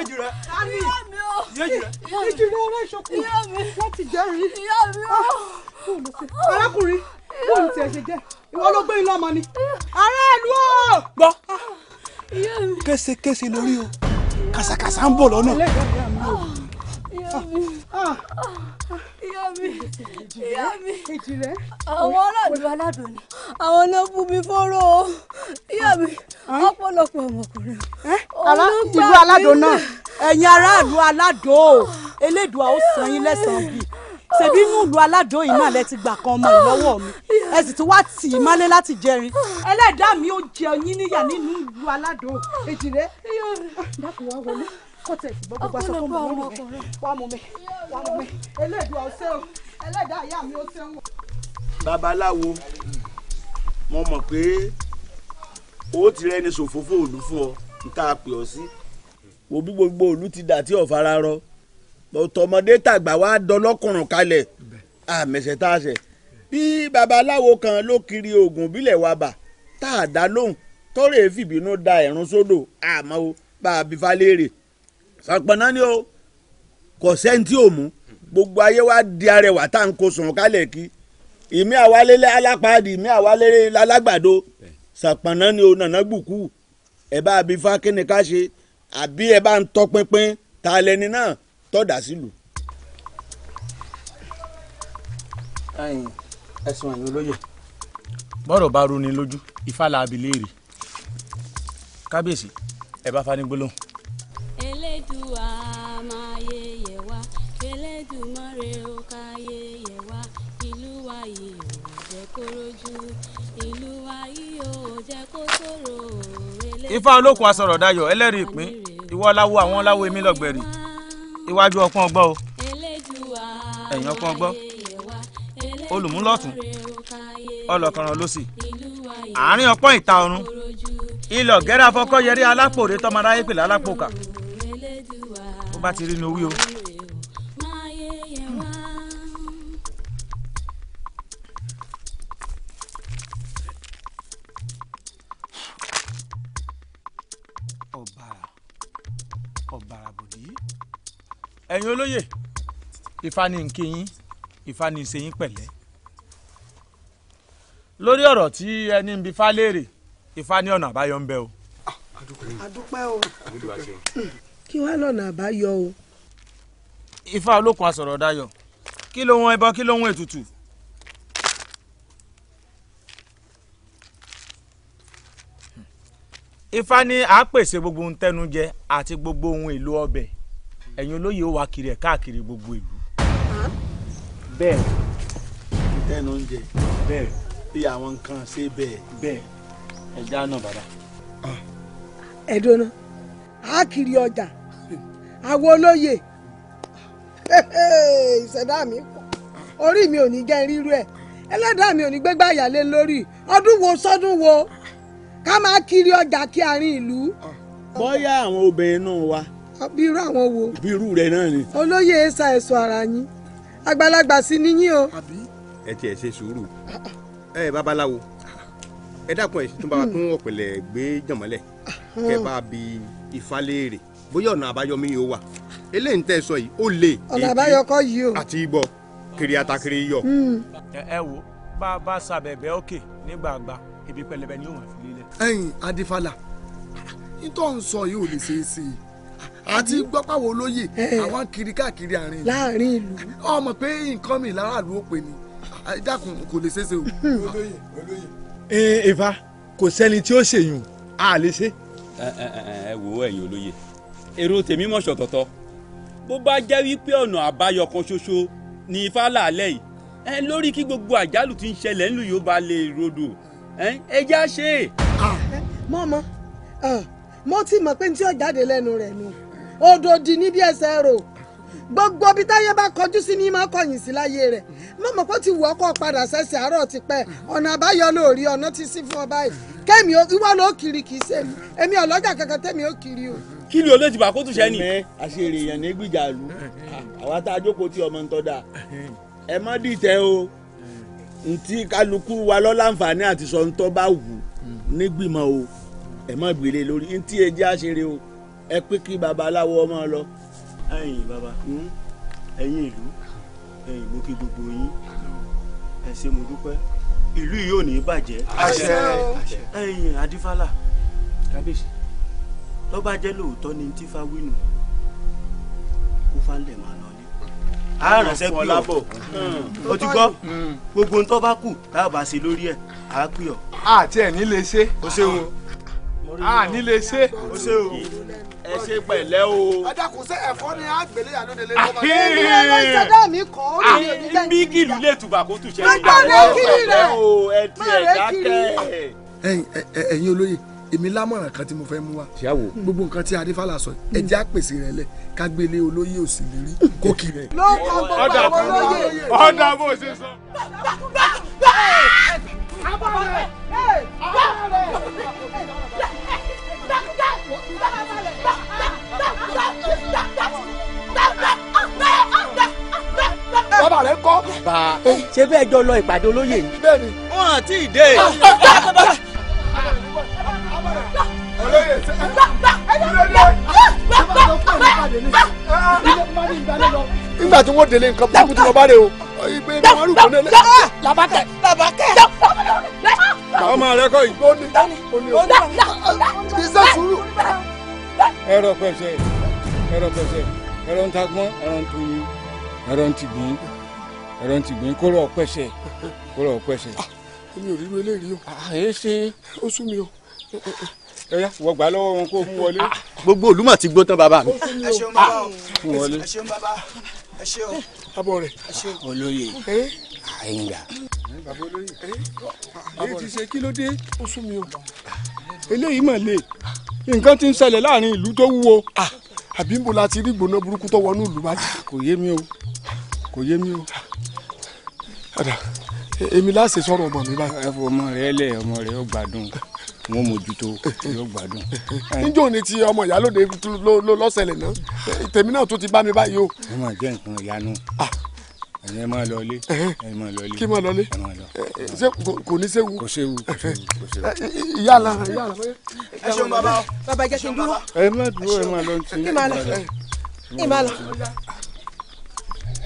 yóò jù rẹ yóò jù rẹ yóò jù rẹ ọ̀rẹ́ ìṣọkùn láti jẹ́rìí ah, ah. arákùnrin bóun tiẹ̀ ṣe jẹ́ ìwọ ló gbé ilé ọmọ ni aráàlú o. gbọ́ ah. késekése lórí o kàsàkàsà ń bọ̀ lọ́nà. Ìyá mi, ìyá mi, àwọn aráàlú aládùn ni, àwọn náà bú mi fọ́rọ̀ o. Ìyá mi, ọ̀pọ̀lọpọ̀ ọmọkùnrin ìlú aládò náà ẹ̀yin aráàlú aládò elédùà ó san yín lẹ́sàn-án bíi ṣèbí inú ìlú aládò yìí náà lẹ ti gbà kan ọmọ yìí lọ́wọ́ mi ẹ sì ti wá tì í mọ́lé láti jẹrin ẹlẹ́dàá mi ó jẹ yín níyà nínú ìlú aládò èjìrẹ́ dákun wá wọlé kọ́tẹ̀ ìbọn gbogbo aṣọ fún mi lórí mi wá mú mi wá mú mi elédùà ó ṣeun ẹlẹ́dàá ìyá mi ó ṣeun. babaláwo mo mọ̀ pé o ti rẹ́ni ṣòfófó òlù fún ọ nta pè ọ́ sí wo bí gbogbo òlu ti dà tí ọ̀fara rọ tọmọdé tàgbà wá dọlọ́kùnrùn kalẹ̀ àmẹ̀sẹ̀ tá a ṣẹ̀ bí babaláwo kan ló kiri oògùn bílẹ̀ wa bà tá a dá lóhùn tọ́rọ̀ èéfìbínú da ẹ̀rún sódò àmọ́ o bá a bí falẹ́rè sàpọ̀nà ni o kò sẹ́ńtì òmù gbogbo ayé wa di arẹwà tá à ń kó sùn kálẹ̀ kí ìmí àwálélé alápáàdì ìmí àwálélé alágbàdo sàpọ̀nà ni o nànà gbùkú ẹ bá a bí fa kí ni ká ṣe àbí ẹ bá ń tọpinpin ta lẹni náà tọ́dà sílùú. ẹ̀sùn ẹ̀yìn olóyè bọ́rọ̀ bá roni lójú ifá la bi léèrè kábíyèsí ẹ bá fani gbólóhùn. elédùà máa yẹ yẹ wá elédùmarè ó ká yẹ wá ìlú wa yìí ò jẹ́ kó rojú ìlú wa yìí ò jẹ́ kó ṣòro ifá olókun asọ̀rọ̀ dayọ̀ ẹlẹ́rìí ìpín ìwọ láwo àwọn láwo èmi lọ́gbẹ̀rì iwájú ọpọ́n ọgbọ́ o ẹ̀yìn ọpọ́n ọgbọ́ olùmúlọ́tún ọlọ́kànràn lọ́sì àárín ọpọ́n ìta ọ̀run ilọ̀ gẹ́rẹ́ afọkọ́ yẹrí alápòrè tọmọdáyé pèlè alápòkà bó bá ti rí ni owí o. ifá ní nkí yín ifá ní ṣe yín pẹ̀lẹ́ lórí ọ̀rọ̀ tí ẹni ń bi fá léèrè ifá ní ọ̀nà àbáyọ ń bẹ o. àdúpẹ́ o kí wàá lọ́nà àbáyọ o. ifá olókun asọ̀rọ̀ dayọ̀ kí ló ń wọn ẹbọ kí ló ń ètùtù. ifá ní à pèsè gbogbo ohun tẹnu jẹ àti gbogbo ohun èlò ọbẹ̀ ẹ̀yin olóyè ó wá kiri ẹ̀ káàkiri gbogbo ìlú. bẹ́ẹ̀ ìtẹ́nu oúnjẹ bẹ́ẹ̀ bí àwọn nǹkan ṣe bẹ́ẹ̀ bẹ́ẹ̀ ẹja náà bàbá. Ah. ẹ̀dọ́nà a kiri ọjà àwọn olóye ìṣẹ̀dá mi pọ̀ orí mi ò ní jẹ́ rírú ẹ̀ ẹlẹ́dàá mi ò ní gbégbá ìyàlé lórí ọdún wo sọ́dún wo ká máa kiri ọjà kí àárín ìlú. Ah. bóyá àwọn obìnrin náà wá. bí irú àwọn wo. bí irú rẹ náà ni. olóye esa ẹ̀sọ́ ara yín. àgbàlagbà sí ni yín o. ẹ tiẹ̀ ṣe sùúrù ẹ babaláwo ẹ dákun ẹ tún bá wa tún ọ̀pẹ̀lẹ̀ gbé jànmọ́lẹ̀ kẹ bá bi Ifá léèrè bóyá ọ̀nà àbáyọ yóò wà eléyìí ń tẹ̀ sọ yìí ó lè èyí àti ibọ̀ kiri atakiri yọ. Hmm. ẹ wo bá a bá sàbẹ̀bẹ̀ òkè nígbàgbà ibi pẹlẹbẹ ni yóò wà fi lílẹ̀. ẹ̀yin adifala nítorí sọ yìí ò lè ṣeé ṣe yìí àti gbọ́pàwọ̀ olóyè eh. àwọn kiri káàkiri àárín ìlú láàrin ìlú ọmọ pé nǹkan mi láràlú ó pè ní ah, dákun kò lè ṣeéṣe o. Hmm. olóyè olóyè. Eh, kò sẹ́ni tí ó ṣèyùn a lè ṣe. Eh, ẹ wò ó ẹ̀yin olóyè èrò tèmi mọ̀ ṣọ̀tọ̀tọ̀ bó bá jẹ́ wípé ọ̀nà àbáyọ kan ṣoṣo ni ifá làálẹ̀ yìí ẹ lórí kí gbogbo àjálù tí ń ṣẹlẹ̀ ńlù yóò bá lè rodò ẹ já ṣe. Ah. mọ́mọ́ ah, mo ti mọ̀ pé ní tí ó jáde lẹ́nu rẹ̀ nù. ododi dì níbi ẹsẹ̀ rò gbogbo bí táyé bá kọjú sí ni máa kọ̀yìn sí láyé kó ti wù ọkọ̀ padà sẹ́sẹ̀ àárọ̀ ti pẹ́ ọ̀nà àbáyọ lóòrí ọ̀nà ti sí fún ọ báyìí kẹ́mi ìwọ ló kiri kì í èmi kankan kiri o. kí ni olóòtú bá kó tún àṣeré èèyàn ní gbìjà lù àwa tá a jókòó ọmọ ń ẹ má o ntí kálukú wa lọ láǹfààní ń tọ́ bá wù nígbìmọ̀ o ẹ má gbélé lórí ntí ẹ ẹ pé kí babaláwo ọmọ lọ. ẹ̀yin baba hmm? ẹ̀yin ìlú ẹ̀yin mo kí gbogbo yín ẹ ṣé mo dúpẹ́ ìlú yìí ò ní bàjẹ́. àṣẹ ẹ̀yin adífálà kábíyèsí lọ́ba jẹ́ lóòótọ́ ni tífà wínú kó falẹ̀ máa lọ ní. a ránṣẹ́ pé ọ o hmm. hmm. ti gbọ́ gbogbo ń tọ́ bá kù tá a bá ṣe lórí ẹ̀ á pè ọ́. àti ẹ̀ ní ṣe. o ṣeun. a ní ṣe. o ṣeun ẹ ṣe pẹ̀lẹ́ o. ẹ dákun ṣe ẹ̀fọ́ ni àgbélé àlódélé ló máa ń bá. èmi ẹ̀rọ ìṣẹ̀dá mi kàn ó ní ìlú dẹ́gbẹ́. bí kìlú lè tùbà kó tùṣẹ́ nígbà tó pẹ̀lẹ́ o ẹ ti ẹ̀ dákẹ́. ẹ̀yin olóye èmi lámọ̀ràn kan tí mo fẹ́ mú wa gbogbo nǹkan tí adéfàlà sọ ẹ jẹ́ àpèsè rẹ̀ lẹ̀ ká olóyè òsì lérí kó kì rẹ̀. ló kọ gbogbo àwọn olóyè. ọ̀dà bó ṣe sọ. abọ́rẹ̀ abọ́rẹ̀ bàbá rẹ kọ́. bá a ṣe bẹ́ẹ̀ jọ lọ ìpàdé olóyè yìí. bẹ́ẹ̀ni. wọn àti ìdè. olóyè ṣe é. Ah, nígbà tí wọ́n délé nǹkan báwo tí wọ́n bá rè o. ìgbé ni wọ́n rúkọ nílẹ̀. làbákẹ́ làbákẹ́. ọmọ rẹ kọ́ yìí. ó ní ó ní ó ní. kì í ṣe sùúrù. ẹ̀rọ pẹ̀sẹ̀ ẹ̀rọ pẹ̀sẹ̀ ẹ̀rọ ń tagbọ́n ẹ̀rọ ń tuyin ẹran ti gbìn ẹran ti gbìn kóró ọpẹṣẹ kóró ọpẹṣẹ. Ah, èmi ò rí irú eléyìí o. àyè ah, ṣe ó sú mi o. ẹyà wọ gbà lọ́wọ́ wọn kó mú wọlé. Ah, gbogbo olúmọ ti gbó tán bàbá mi. ẹ ṣeun bàbá o ẹ ṣeun bàbá ẹ ṣe o. abọ rẹ olóye àyìnbá. bàbá olóye èyí ti ṣe kí ló dé ó sú mi o. eléyìí mà le nǹkan tí ń ṣẹlẹ̀ láàrin ìlú tó wúwo àbí ń bo la ti rí gbóná burúkú tó wọnú ìlú báyìí. Ah, kò yé mi o kò yé mi o. ada e, èmi láṣẹ sọ̀rọ̀ ọmọ mi báyìí. ẹ fọ ọmọ rẹ lẹ ọmọ rẹ yóò gbádùn wọn mójútó yóò gbádùn. níjó ni ti ọmọ ìyálòde ló lọ́sẹ̀lẹ̀ náà tèmi náà tó ti bá mi báyìí o. ẹ máa jẹ́ nǹkan ìyanu. Ah, ẹ máa lọ ilé ẹ máa lọ ilé kí máa lọ ilé ṣé kò ní séwu kò séwu kò séwu kò séwu. ìyá la ìyá la. ẹ ṣeun bàbá o bàbá ìjẹ́ ṣe ń dúró. ẹ má dúró ẹ máa lọ ní ti. ẹ máa lọ.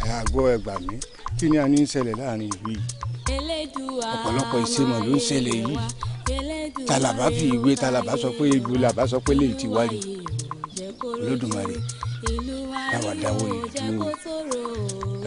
ẹ àgọ́ ẹ gbà mí kí ni a ní í ṣẹlẹ̀ láàrin ìlú yìí ọ̀pọ̀lọpọ̀ ìṣèmọ̀ ló ń ṣẹlẹ̀ yìí talaba fi ìwé talaba sọ pé ibu laba sọ pé lèyí ti wáyé olódùmarè táwa dáwọ́ ìlú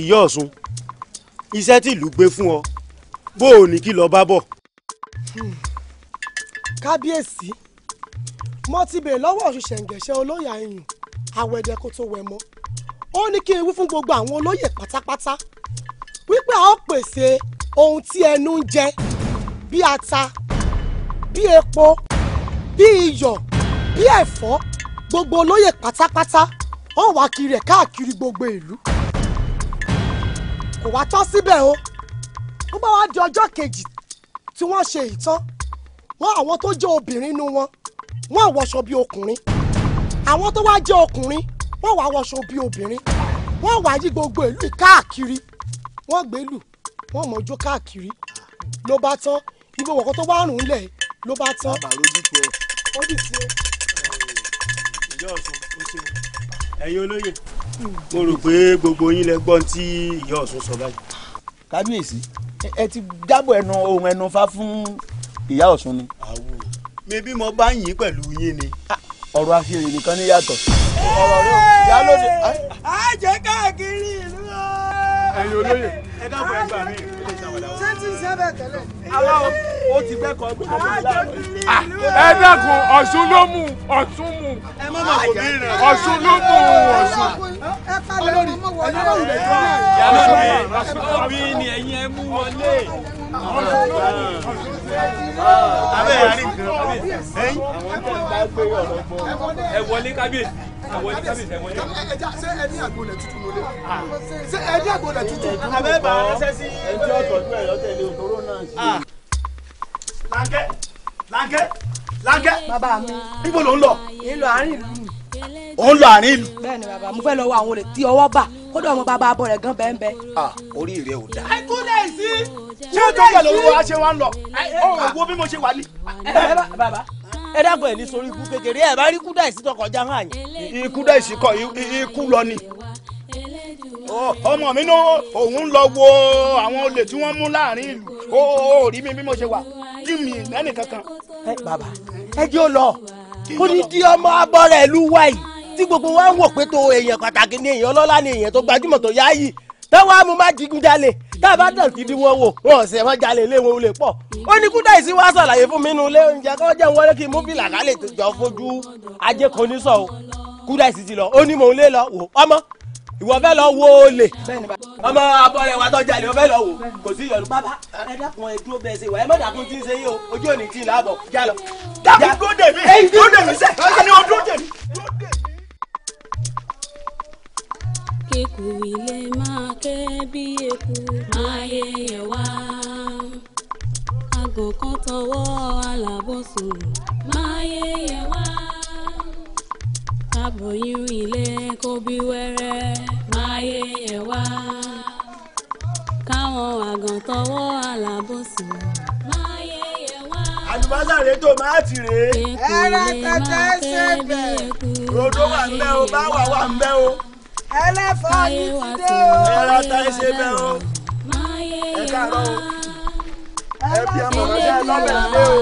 ìyá ọ̀sùn iṣẹ́ tí ìlú gbé fún ọ bó o ní kí lọ bá bọ̀. Hmm. kábíyèsí mo ti bèè lọ́wọ́ òṣìṣẹ́ ǹgẹ̀ṣẹ́ olóyè àyùn àwẹ̀dẹ kó tó wẹ̀ mọ́ ó ní kí n wí fún gbogbo àwọn olóyè pátápátá wípé a ó pèsè ohun tí ẹnu ń jẹ bí ata bí epo bí iyọ̀ bí ẹ̀fọ́ gbogbo olóyè pátápátá ó wà kiri ẹ̀ káàkiri gbogbo ìlú kò wá tán síbẹ̀ o ó bá wá di ọjọ́ kejì tí wọ́n ṣe ìtàn wọ́n àwọn tó jẹ́ obìnrin nu wọn wọ́n wọṣọ bí ọkùnrin àwọn tó wá jẹ́ ọkùnrin wọ́n wá wọṣọ bí obìnrin wọ́n wá yí gbogbo ìlú káàkiri wọ́n gbé lù wọ́n mọ̀ ọjọ́ káàkiri ló bá tán ibi òwòkan tó wá rùn ún lẹ̀ ló bá tán. bàbá lójú tó ó dì sí ẹ. ìjọ ọ̀sán ó ṣe ẹ̀yin olóyè mo rò pé gbogbo yín lẹ gbọ́n tí ìyá ọ̀ṣun sọ báyìí. kábíyèsí ẹ ti dábọ̀ ẹnu ohun ẹnu fá fún ìyá ọ̀ṣun ni. àwọ̀ mi bí mo bá yín pẹ̀lú yín ni. ọ̀rọ̀ àfihàn nìkan ní yàtọ̀. ọ̀rọ̀ rẹ̀ ìyá ló ṣe. ìlú o ẹ̀yin olóyè ẹ dábọ̀ ẹgbà mi. ṣé tí ń sábà tẹ́lẹ̀. àwa o ti gbẹ́kọ̀ gbogbo ah, ẹ dákun ọ̀ṣun ló mú ọ̀ṣun mú ọ̀ṣun ló mú ọ̀ṣun. ẹ palẹ̀ ọmọ wọlé. ọ̀ṣun ló mú ọ̀ṣun. yàrá mi ọbí ni ẹ̀yin ẹ mú wọlé abẹ́ àárín nǹkan ẹ̀yìn. àwọn tẹ̀ ń dágbé ọ̀rọ̀ bọ̀. ẹ wọlé bàbá mi. níbo ló ń lọ? èlò àárín ìlú. ò ń lọ àárín ìlú. bẹ́ẹ̀ bàbá mo fẹ́ lọ wọ àwọn olè tí ọwọ́ bà kódà ọmọ bàbá abọ rẹ gan bẹ́ẹ̀ bẹ́ẹ̀. orí rẹ ò dáa. ẹ kúlẹ̀ sí. ṣé tó pẹ̀lú owó aṣẹ wa ń lọ ọ̀rọ̀ wo bí mo ṣe wà ní. bàbá ẹ dàgbọ́ ẹ̀ ní sórí ikú kékeré ẹ̀ bá rí ikú dà ìsítọ́ kọjá hàn yín. ikú dà ìsítọ́ ikú lọ ni ọmọ mi ní òun lọ wo àwọn olè tí wọ́n mú láàrin ìlú ó rí mi bí mo ṣe wà kí mi lẹ́nìkankan. ẹ bàbá ẹ jẹ́ ó lọ kó ní di ọmọ abọ́rẹ̀ ìlú wa yìí tí gbogbo wa ń wò pé tó èèyàn pàtàkì ni èèyàn ọlọ́lá ni èèyàn tó gbajúmọ̀ tó yáàyì táwọn amúmá digunjalè tá a bá dàn kí di wọn wò wọn ò wọn jalè lé wọn ò lè pọ̀ ó ní kúndà ìsín wá sàlàyé fún mi nù lé oúnjẹ kọ́ jẹ́ wọlé kí n mú fìlà kálẹ̀ tó jọ fojú ajé kan ní sọ o kúndà ìsín ti lọ ó ní mò ń lé lọ wò ọmọ ìwọ fẹ́ lọ wo olè ọmọ abọ́rẹ̀ wa tọ́jà lè o lọ wò kò sí ìyọnu bàbá ẹ dákun ẹ dúró bẹ́ẹ̀ ṣe wà ẹ má dákun tí ń ṣe yìí o ojú òní tí ń láàbọ̀ já lọ. dákun dúró dèmí dúró dèmí sẹ́ẹ̀ ẹni o dúró dèmí dúró dèmí. Ikú ilé máa ké bí eku máa yẹ yẹ wá. Àgàn kan tọwọ́ alábọ̀sùn máa yẹ yẹ wá. Kábòyún ilé kó bí wẹ́rẹ́ máa yẹ yẹ wá. Káwọn àgàn tọwọ́ alábọ̀sùn máa yẹ yẹ wá. Àlùbọ́sà rèé tòmátì rèé. Ẹ̀rọ tẹ̀tẹ̀ ṣe bẹ̀. Rodo wà ń bẹ́ o, báwa wà ń bẹ́ o ẹlẹ́fọ́ ní ti dé o. ẹ̀rọ ta ẹ ṣe bẹ́ẹ̀ o ẹ káàárọ̀ o ẹ bí ọmọ rẹ jẹ́ lọ́bẹ̀ lé o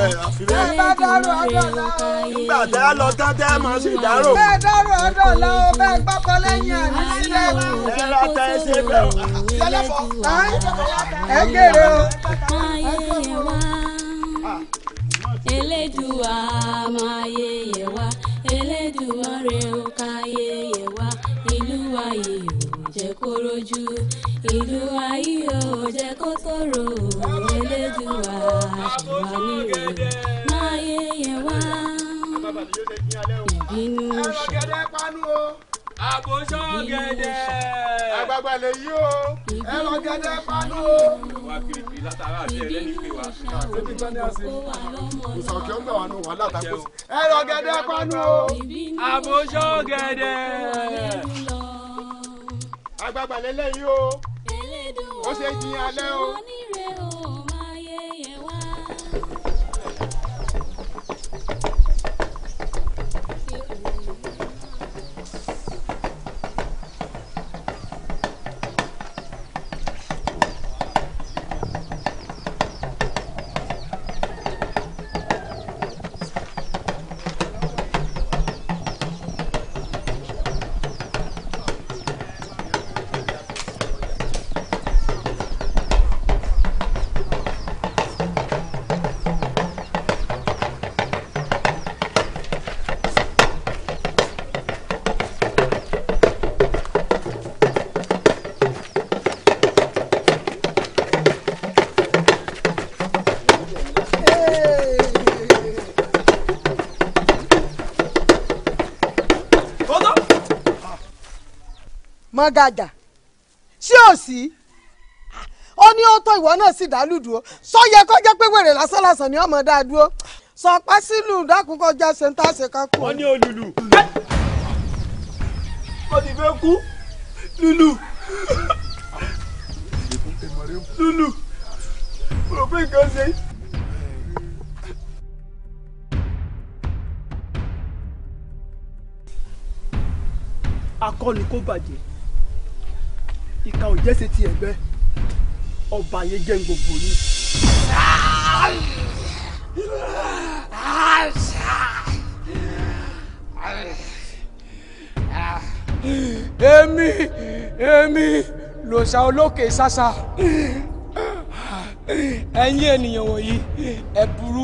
ẹ àfilẹ́ nígbà tẹ́ ẹ lọ tán tẹ́ ẹ mọ̀ sí ìdárò. bẹ́ẹ̀ dárò ọ̀dọ̀ lọ o bẹ́ẹ̀ gbọ́kọ lẹ́yìn àná sílẹ̀. ẹ̀rọ ta ẹ ṣe bẹ́ẹ̀ o. ẹlẹ́fọ́ ẹ gèrè o. Elédùà máa yẹ yẹ wá. Elédùmarè o káyéyé wa ìlú ayé ò jẹ́ kó rojú ìlú ayé ò jẹ́ kó tòrò Elédùwà wà nílò máyéyé wa ìbínú ṣe àbòsọ gẹ̀dẹ̀. àgbàgbà lè yí o ẹ lọ gẹ̀dẹ̀ panu o. wà á kiri kiri látara àti ẹ̀rẹ́ ní pè wá. àti tí tani àṣẹ musa òkè ń gbà wá nù wà látàkó sí. ẹ lọ gẹ̀dẹ̀ panu o. àbòsọ gẹ̀dẹ̀. àgbàgbà lè lè yí o ó ṣe jiyàn alẹ́ o. mọ́gàjà sí òsì ó ní ó tó ìwọ náà sì dálùdù ó sọ yẹ kó jẹ́ pé wèrè lásán lásán ni ọmọ dáa dúró sọ pa sílù dákun kọjá ṣèǹtà ṣèkákù. wọ́n ní olùlù. wọ́n ti fẹ́ kú lulu lulu mo pe nǹkan ṣe. akọni kó bàjẹ́ ò jẹ́ ṣe ti ẹ̀gbẹ́ ọba yẹn jẹ́ gbogbo yìí. èmi èmi lòṣà olókè ṣáṣá ẹ̀yin ènìyàn wọ̀nyí ẹ burú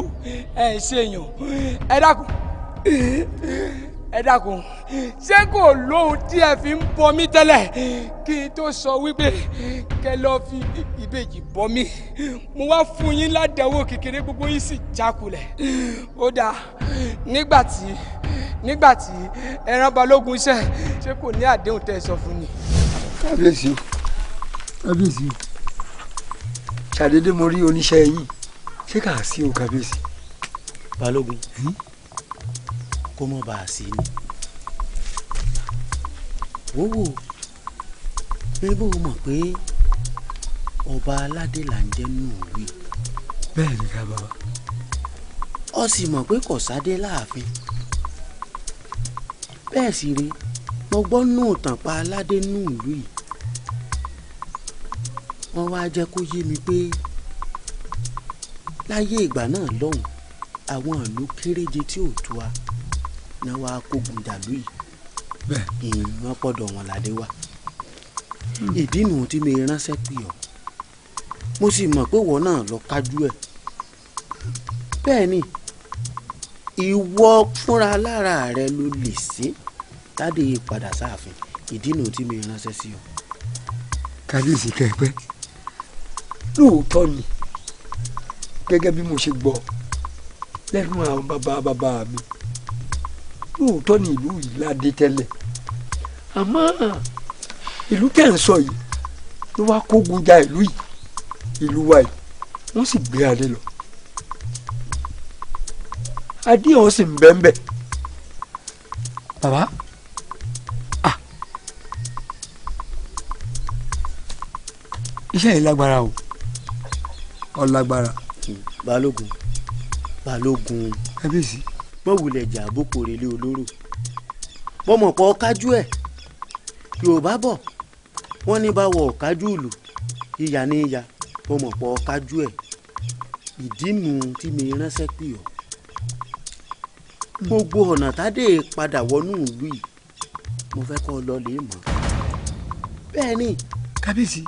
ẹ ṣèyàn ẹ dákun ẹ dákun ṣé kò lóhun tí ẹ fi ń bọ mí tẹ́lẹ̀ kí n tó sọ wípé kẹ lọ́ọ́ fi ìbejì bọ mí mo wá fún yín ládàáwò kékeré gbogbo yín sì jákulẹ̀ ó dáa nígbà tí nígbà tí ẹran balógun ṣe ṣé kò ní àdéhùn tẹ́ ẹ sọ fún ni. kábíyèsí o kábíyèsí o ṣàdédé mo rí oníṣẹ́ yín ṣé kà á sí o kábíyèsí. balógun hmm? kó mọ̀ bá a sí ni wò wò ṣé bó o mọ̀ pé ọba aládé là ń jẹ́ nù òwe. bẹ́ẹ̀ ni bàbá. ọ sì mọ̀ pé kò sádé láàfin bẹ́ẹ̀ sì rí mo gbọ́ nù tàn pa aládé nù ìlú yìí wọ́n wá jẹ́ kó yé mi pé láyé ìgbà náà lọ́hùn àwọn ìlú kéréje tí ò tura náà wàá kógun dàlú yìí ìyẹn pọ̀dọ̀ wọn làdé wa hmm. ìdí nù tí mi ránṣẹ́ pè ọ́ mo sì mọ̀ pé wọ́n náà lọ kájú ẹ̀ bẹ́ẹ̀ ni ìwọ fúnra lára rẹ ló lè ṣe tádé padà sáàfin ìdí nù tí mi ránṣẹ́ sí ọ. kábíyèsí kẹpẹ lóòótọ́ ni gẹ́gẹ́ bí mo ṣe gbọ́ lẹ́nu àwọn bàbá bàbá mi lóòótọ́ ni ìlú yìí ládé tẹ́lẹ̀ àmọ́ ìlú tẹ̀ ń sọ yìí ló wá kógun ja ìlú yìí ìlú wa yìí wọ́n sì gbé adé lọ adé ọ̀hún sì ń bẹ́ẹ̀ bẹ́ẹ̀. bàbá iṣẹ́ yìí lágbára o ọ lágbára. balógun balógun. kábíyèsí. E mọ̀wùlẹ̀ jà àbókò relé olóró mọ̀mọ̀pọ̀ kájú ẹ̀ yorùbá bọ̀ wọ́n ní báwọ̀ kájú ìlú ìyá ní ìyá mọ̀mọ̀pọ̀ kájú ẹ̀ ìdí nu tí mi ránṣẹ́ pè ọ́ gbogbo ọ̀nà tádé padà wọnú ìlú yìí mo fẹ́ kọ́ ọ lọ lè mọ̀ bẹ́ẹ̀ ni. kábíyèsí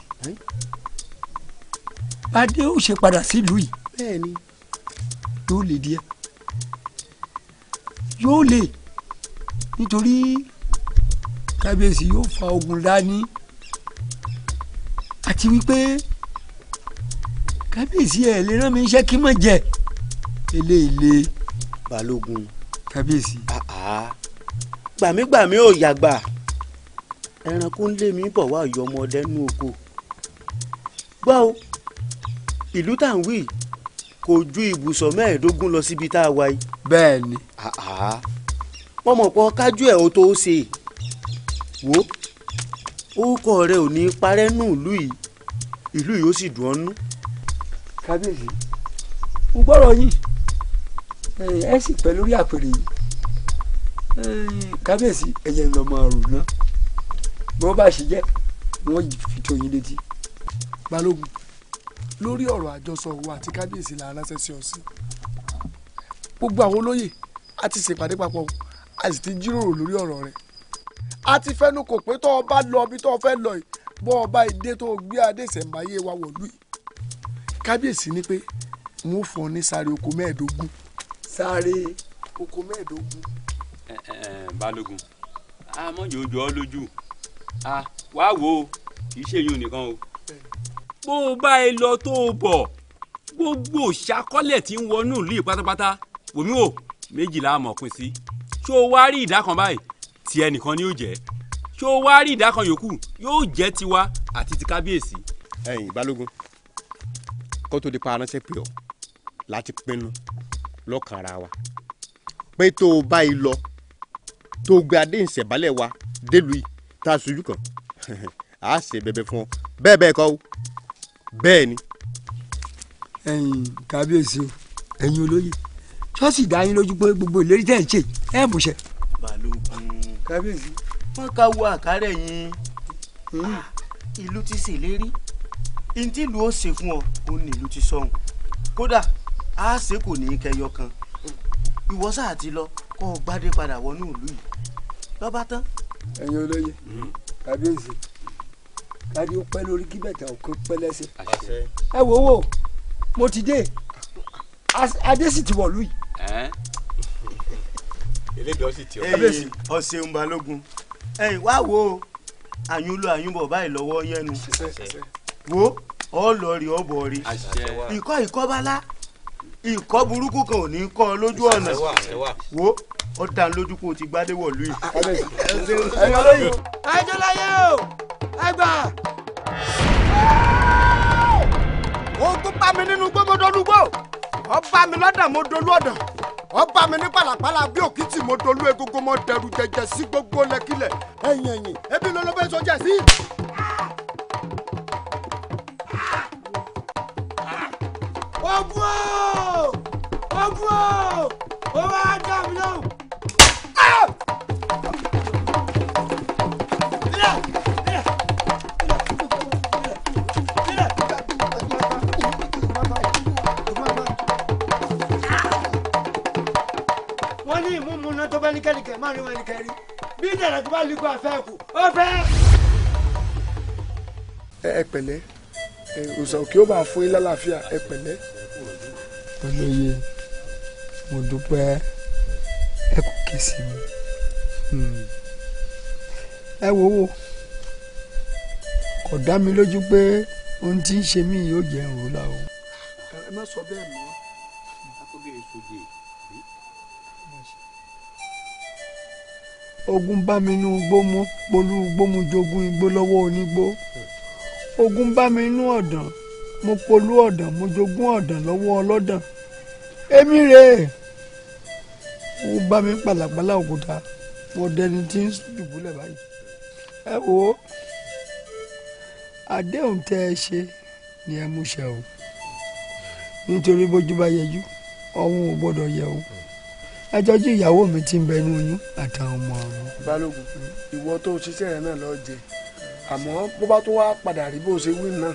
bàdé ó ṣe padà sílùú yìí. bẹ́ẹ̀ ni. yóò lè díẹ̀ yóò lè nítorí kábíyèsí yóò fa ogun dání àti wípé kábíyèsí ẹ̀ lè rán mi iṣẹ́ kí mọ̀ jẹ́ eléèlé. balógun kábíyèsí. gbàmígbàmí ò yàgbà ẹranko ń lé mi bọ̀ wá yọ ọmọ ọdẹ nú oko gbọ́ o ìlú tá à ń wí kò ju ibùsọ̀ mẹ́ẹ̀ẹ́dógún lọ síbi tá a wá yìí. Ah, ah wọ́n mọ̀ pọ̀ kájú ẹ̀ o tó ṣe wo orúkọ rẹ ò ní parẹ́ nù ìlú yìí ìlú yìí ó sì dùn ọ́nú. kábíyèsí mo gbọ́rọ̀ yín ẹ sì pẹ́ lórí àpèrè yìí kábíyèsí ẹ̀yẹ ń lọ mọ ọ̀rùn náà bí wọ́n bá ṣe jẹ́ wọ́n fi tó yín létí. balógun lórí ọ̀rọ̀ àjọsọ òwò àti kábíyèsí là ń ránṣẹ́ sí ọ sí gbogbo àwọn olóyè a ti ṣèpàdé papọ̀ o a sì ti jíròrò lórí ọ̀rọ̀ rẹ̀ a ti fẹ́nu kò pé tó o bá lọ ibi tó o fẹ́ lọ yìí bọ́ ọ bá ìdé tó o gbé adé ìṣẹ̀ǹbáyé wa wọ̀lú yìí kábíyèsí ni pé n ó fún ọ ní sáré oko mẹ́ẹ̀ẹ́dógún sáré oko mẹ́ẹ̀ẹ́dógún. balógun amọ̀jò jọ ọ́ lójú wàá wo kì í ṣe yún nìkan o bó o bá ẹ lọ tó o bọ̀ gbogbo ṣàkọlẹ̀ tí ń wọnú ìlú yìí pátápátá wòmí o méjì la mọ̀ pín sí ṣó o wá rí ìdá kan báyìí ti ẹnìkan ni yóò jẹ́ ṣó o wá rí ìdá kan yòókù yóò jẹ́ tiwa àti ti kábíyèsí. ẹ̀yin balógun kó tó di pa aránṣẹ́ pè ọ́ láti pinnu lọ́kàn ara wa pé tó o bá yìí lọ tó o gbé adé ìṣẹ̀bálẹ̀ wa délùú yìí tá a ṣojú kan a ṣe bẹ̀bẹ̀ fún ọ bẹ́ẹ̀ bẹ́ẹ̀ kọ́ o bẹ́ẹ̀ ni. ẹ̀yin kábíyèsí o olóyè ṣọ́ọ̀ṣì dá yín lójú pé gbogbo ìlérí tẹ̀ ń ṣe ẹ̀ mú ṣẹ. balógun kábíyèsí. wọn ká wo àkárẹ̀ yín hmm. ah, ìlú ti ṣèlérí ntí ìlú ó ṣe fún ọ òun ni ìlú ti sọhùn kódà á ṣe kò ní í kẹyọ kan ìwọ sáà ti lọ kó o gbádé padà wọnú ìlú yìí lọ́ba tán. ẹ̀yin olóye hmm. kábíyèsí kárí ó pẹ́ lórí kí bẹ̀tẹ̀ òkú pẹ́ lẹ́sẹ̀. ẹ wo wo mo ti dé adé sì ti wọ̀lú yìí. elédè ọsì ẹ̀yìn wá wo báyìí lọ́wọ́ yẹnu wo ọlọ́ọ̀rì ọ̀bọ̀ ikọ́ ikọ́ ikọ́ burúkú kan wo lójú kó o ti gbádé wọ̀lú o o tún mi nínú gbogbo ọ bá mi lọ́dà mo ọba mi ní pàlàpàlà bí òkìtì mo dolú egungun mo dẹrù jẹjẹ sí gbogbo lẹkìlẹ ẹyìn ẹyìn ebi ló ló bẹ sọjá sí. ogun o ogun o ó máa dà mí lóhùn. Ah! náà tó bá ní kẹ́nìkẹ́ má ní wọn nìkẹ́ rí bí ìdàrà tó bá lè kó afẹ́ kù ó fẹ́. ẹ ẹ pẹ̀lẹ́ òòsàn òkè ó bá fún yín lálàáfíà ẹ pẹ̀lẹ́. olóye mo dúpẹ́ ẹ kò ké sí mi hmm. ẹ wò wò kò dá mi lójú pé ohun tí ń ṣe mí yóò jẹ́ òun la o. ẹ má sọ bẹ́ẹ̀ mọ́ akọ́gẹ́ èso jẹ́ èyí. ogun bá mi inú igbó mú polú igbó mu jogún igbó lọ́wọ́ onígbó ogun bá mi inú ọ̀dàn mo polú ọ̀dàn mo jogún ọ̀dàn lọ́wọ́ ọlọ́dàn èmi rè é wọ́n bá mi pàlàpàlà òkúta mo dẹni tí ń dùbúlẹ̀ báyìí ẹ wo àdéhùn tẹ́ ẹ ṣe ni ẹ mú ṣẹ o nítorí bójú bá yẹjú ọ̀hún ò gbọ́dọ̀ yẹ o ajọ́jú ìyàwó mi ti ń bẹ ní oyún àtàwọn ọmọ ọ̀run. balógun ìwọ tó o ṣiṣẹ́ rẹ náà lọ jẹ àmọ́ bó bá tó wá padà rí bó o ṣe wí náà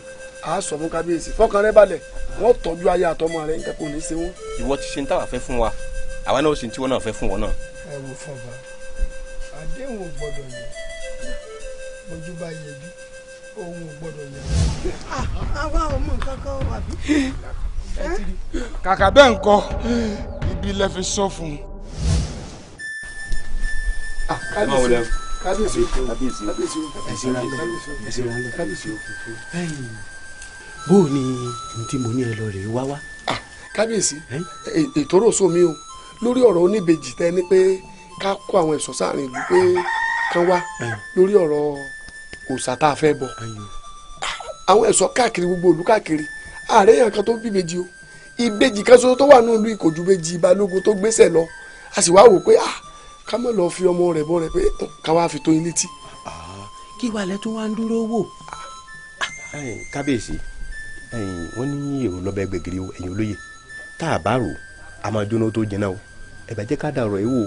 àá sọ fún kábíyèsí fọkàn rẹ balẹ̀ wọ́n tọ́jú aya àtọmọ rẹ nǹkan kò ní í ṣe wọ́n. ìwọ ti ṣe ń táwa fẹ́ fún wa àwa náà ó ṣe ń tiwọ́ náà fẹ́ fún wọn náà. ẹ wò fọba àdéhùn ò gbọ́dọ̀ yẹ ojú bá yẹ bí ohun ò gbọ́dọ̀ yẹ. Ah, àwa ò mọ nǹkan kan wà bí kàkà bẹ́ẹ̀ ńkọ́ ibi lẹ fi sọ fún un. Ah, kábíyèsí kábíyèsí kábíyèsí ẹsẹ rálẹ ẹsẹ rálẹ kábíyèsí òfófó. bó o ní ní tí mo ní ẹ lọ rèé wá wá. Ah, kábíyèsí ètòrò sómi o lórí ọ̀rọ̀ oníbejì tẹ́ ni pé ká kó àwọn ẹ̀ṣọ́ sáàrin ìlú pé kán wá lórí ọ̀rọ̀ òòṣà tá a fẹ́ bọ ah, àwọn ẹ̀ṣọ́ káàkiri gbogbo ìlú káàkiri ààrẹ yàn kan tó bí ìbejì o ìbejì kan ṣoṣo tó wà ní ìlú ìkòjú ìbejì balógun tó gbéṣẹ lọ a sì wá wò pé ah ká mọ̀ lọ fi ọmọ rẹ̀ bọ́ rẹ̀ pé ká wá fi tó yín létí. Ah, kí wàá lẹ tún wá ń dúró wò. kábíyèsí wọ́n ní èrò lọ́bẹ̀ gbẹ̀gìrì ẹ̀yìn olóye tá a bá rò a máa dúná tó jẹ náà o ẹ̀bẹ̀ jẹ́ ká da ọ̀rọ̀ yìí wò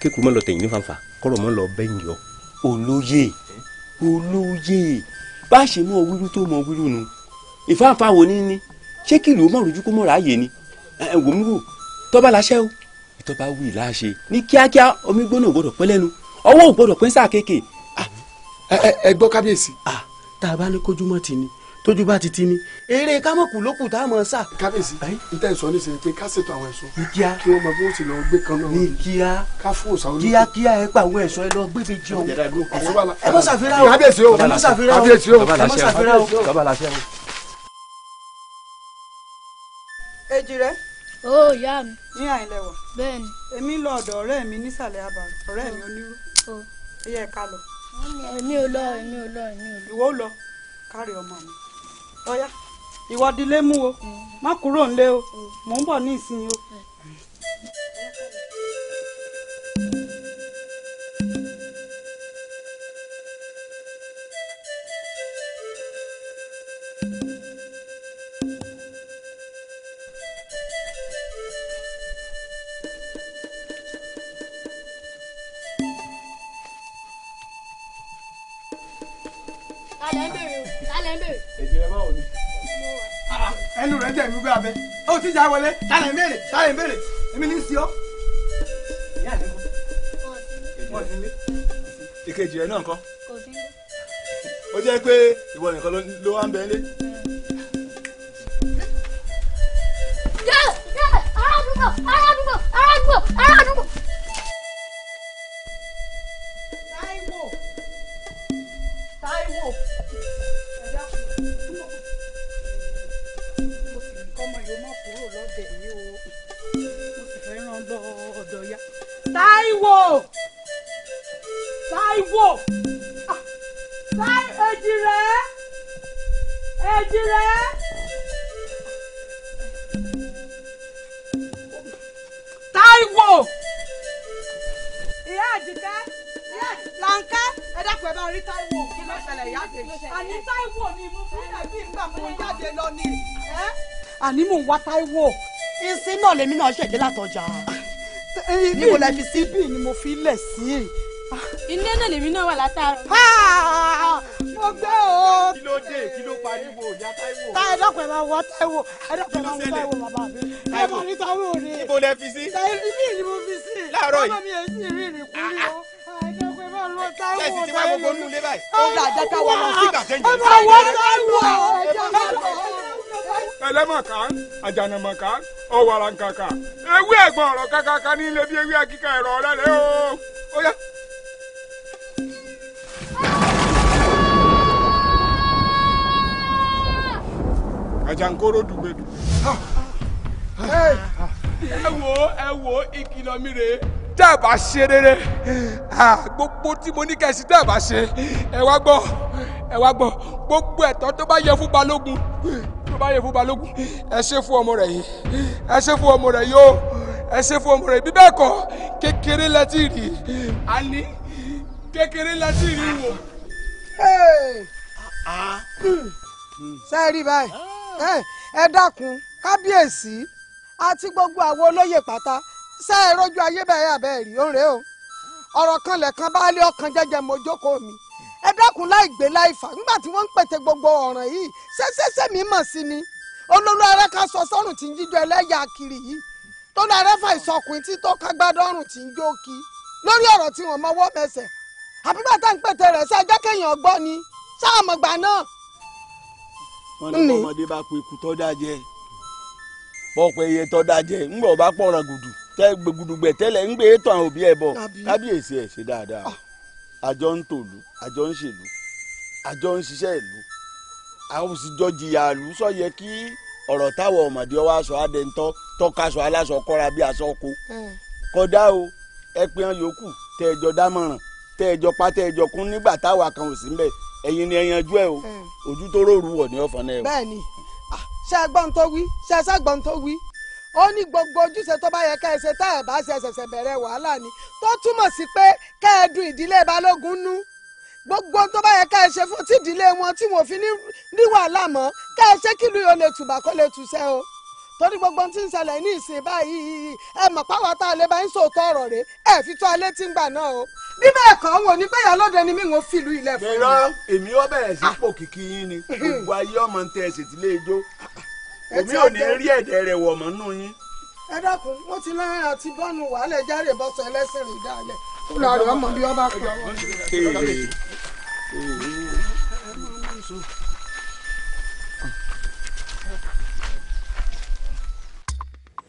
kékeré mọ́ lọ tẹ̀yìn ní fanfa kọ́rọ̀ mọ́ lọ bẹ́yìn yọ. olóye olóye bá a ṣe mọ wíru tó mọ wíru nu ìfáàfáà wo ní ní ṣé kìlú ó mọ̀ rojú kó mọ̀ ráàyè ni wò mí wò tọ́ba láṣẹ́ o ìtọ́ba wù í láṣẹ ní kíákíá omi gbóná ò gbọ́dọ̀ pẹ́ lẹ́nu ọwọ́ ò gbọ́dọ̀ pẹ́ sáà kéèké. ẹ gbọ́ kábíyèsí. tá a bá ní kójúmọ́ ti ni tójú bá ti ti ni eré kámọ̀kù ló kù tá a mọ̀ sá. kábíyèsí n tẹ́ ń sọ ní sèé pé ká ṣètò àwọn ẹ̀ṣọ́. ní kíá kí wọ́n mọ bí wọ́n ti lọ gbé kan náà. ní kíá ká fún òsà olóko. kíá kíá ẹ pa àwọn ẹ̀ṣọ́ ẹ lọ gbé bíi jẹun. ẹ mọ ṣàfihàn o ẹ mọ ṣàfihàn o ẹ mọ ṣàfihàn o. èjì rẹ. ó ìyá mi. ní àìlẹ̀ wà. bẹ́ẹ̀ ni. èmi lọ ọ̀dọ̀ ọ̀rẹ́ mi nísàlẹ̀ abàrò ọ̀rẹ́ mi onírú. ó yẹ ká lọ. èmi ò lọ èmi ò lọ èmi ò lọ. ìwọ lọ kárí ọmọ mi. ọ̀yá ìwọ dilé mú o má kúrò ńlé o mò ń bọ̀ ní ìsinyìí o. ó ti jà wọlé sálẹ̀ mbèrè sálẹ̀ mbèrè èmi ní sí ọ. ìyá rẹ mọ wọn nílé ìkejì rẹ náà kọ. kò sí. ó jẹ́ pé ìwọ nìkan ló wá ń bẹ nílé. wá Táíwò ìsín náà lèmi náà ṣẹ̀dé látọjà níbo la fi sí bí ni mo fi lẹ̀ sí. ilé náà lèmi náà wà látàárọ̀. mo gbé o. kí ló dé kí ló pariwo ìyá Táíwò. táyà dọ́kun ẹ̀ máa wọ Táíwò ẹ̀ dọ́kun ẹ̀ máa wọ Táíwò bàbá mi. ẹ máa ní Táíwò ni. níbo lẹ fi sí. ibi ni mo fi sí. láàárọ̀ yìí. bàbá mi èsì rí o tẹ̀sí tí wọ́n gbogbo nù lé báyìí. ó dàjẹ́ káwọn lọ sí ìgbà tẹ́jú. ẹ máa wọ Táíwò ẹ̀jẹ̀ máa lọ ẹlẹ́mọ̀ká àjànàmọ̀ká ọ̀wàràǹkàkà ewé ẹ̀gbọ́n ọ̀rọ̀ kàkàkà ní ilé bí ewé akíkà ẹ̀rọ ọ̀rẹ́ o ó yá. àjànkóró dùgbẹ́dù. ẹ wo ẹ wo ìkìlọ̀ mi rèé tẹ́ ẹ bá ṣe rere gbogbo tí mo ní kẹ́sì tẹ́ ẹ bá ṣe ẹ wá gbọ́ ẹ wá gbọ́ gbogbo ẹ̀tọ́ tó bá yẹ fún balógun báyìí fún balógun ẹ ṣe fún ọmọ rẹ yìí ẹ ṣe fún ọmọ rẹ yìí o ẹ ṣe fún ọmọ rẹ bí bẹ́ẹ̀ kọ́ kékeré láti rí àní kékeré láti rí wò. ṣe báyìí ẹ dákun kábíyèsí àti gbogbo àwọn olóyè pátá ṣe é bẹ́ẹ̀ rí òun rèé o ọ̀rọ̀ kan lẹ̀kan bá lé ọkàn jẹ́jẹ́ mojoko mi. ẹ dákun láì gbé láì wọ́n ń gbogbo ọ̀ràn yìí ṣẹ́ṣẹ́ṣẹ́ mi mọ̀ sí ni olólù ara ká sọ sọ́run tí ń jíjọ ẹlẹ́yà kiri yìí tó lọ arẹ́fà ìsọkùnrin tí tó kágbádọ́rùn tí ń jó kí lórí ọ̀rọ̀ tí wọ́n mẹsẹ̀ ni sáàmùgbà náà. wọn ní ọmọdé hmm. bá pe ikú tọ́ jẹ iye tọ́ jẹ ńgbọ̀ bá pọ̀ràn gùdù tẹ́lẹ̀ òbí ẹ̀ bọ̀ kábíyèsí ẹ̀ ṣe àjọ ń tòlú àjọ ń ṣèlú àjọ ń ṣiṣẹ́ ìlú àwùjọ jìyà ìlú sọ yẹ kí ọ̀rọ̀ táwọn ọ̀mọ̀dé ọwọ́ aṣọ adẹ́ntọ́ tọ́kaṣọ aláṣọ kọ́ra bí aṣọ ko hmm. o ẹ pé hàn yòókù tẹ ẹjọ dámọ̀ràn tẹ ẹjọ pa tẹ ẹjọ kún nígbà táwa kan ò sí mbẹ ẹ̀yin ni ẹyanjú ẹ o hmm. ojú tó rò rú wọ̀ ní ọ̀fọ̀n náà. bẹ́ẹ̀ni ah, ṣe é gbọ́n tó wí ṣe é sẹ́gbọ́n tó wí ó ní gbogbo ojúṣe tó bá yẹ ká ẹ ṣe tá ẹ bá ṣe ṣẹ̀ṣẹ̀ bẹ̀rẹ̀ wàhálà ni tó túmọ̀ sí pé ká ẹ dun ìdílé balógun nú gbogbo tó bá yẹ ká ẹ ṣe fún tí ìdílé wọn tí wọn ò fi ní wàhálà mọ́ ká ẹ ṣe kílùú yóò lè tùbà kó lè tùṣẹ́ o torí gbogbo tí ń ṣẹlẹ̀ ní ìsìn báyìí ẹ mọ̀ páwọn tá a lè bá ń sòótọ́ ọ̀rọ̀ rẹ̀ ẹ fi tó alẹ́ tí ń gbà náà o bí bẹ́ẹ̀ kọ́ wò ní pé ìyálóde ni mí ń fìlú ilẹ̀ fún mi. ìrọ èmi ó bẹ̀rẹ̀ sí pò kìkì yín ni gbogbo ayé ọmọ ń tẹ ẹsẹ̀ tí lè jó omi ò ní rí ẹ̀dẹ̀ rẹ̀ wọ̀ mọ́ nù yín. ẹ dákun wọn ti lẹ́yìn àti bọ́ọ̀nù wàhálẹ̀ járe bọ́sọ̀ ẹlẹ́sìn rìn dáalẹ̀ kó lọ rẹ̀ ọmọ bí wọ́n bá kọ́ ọ.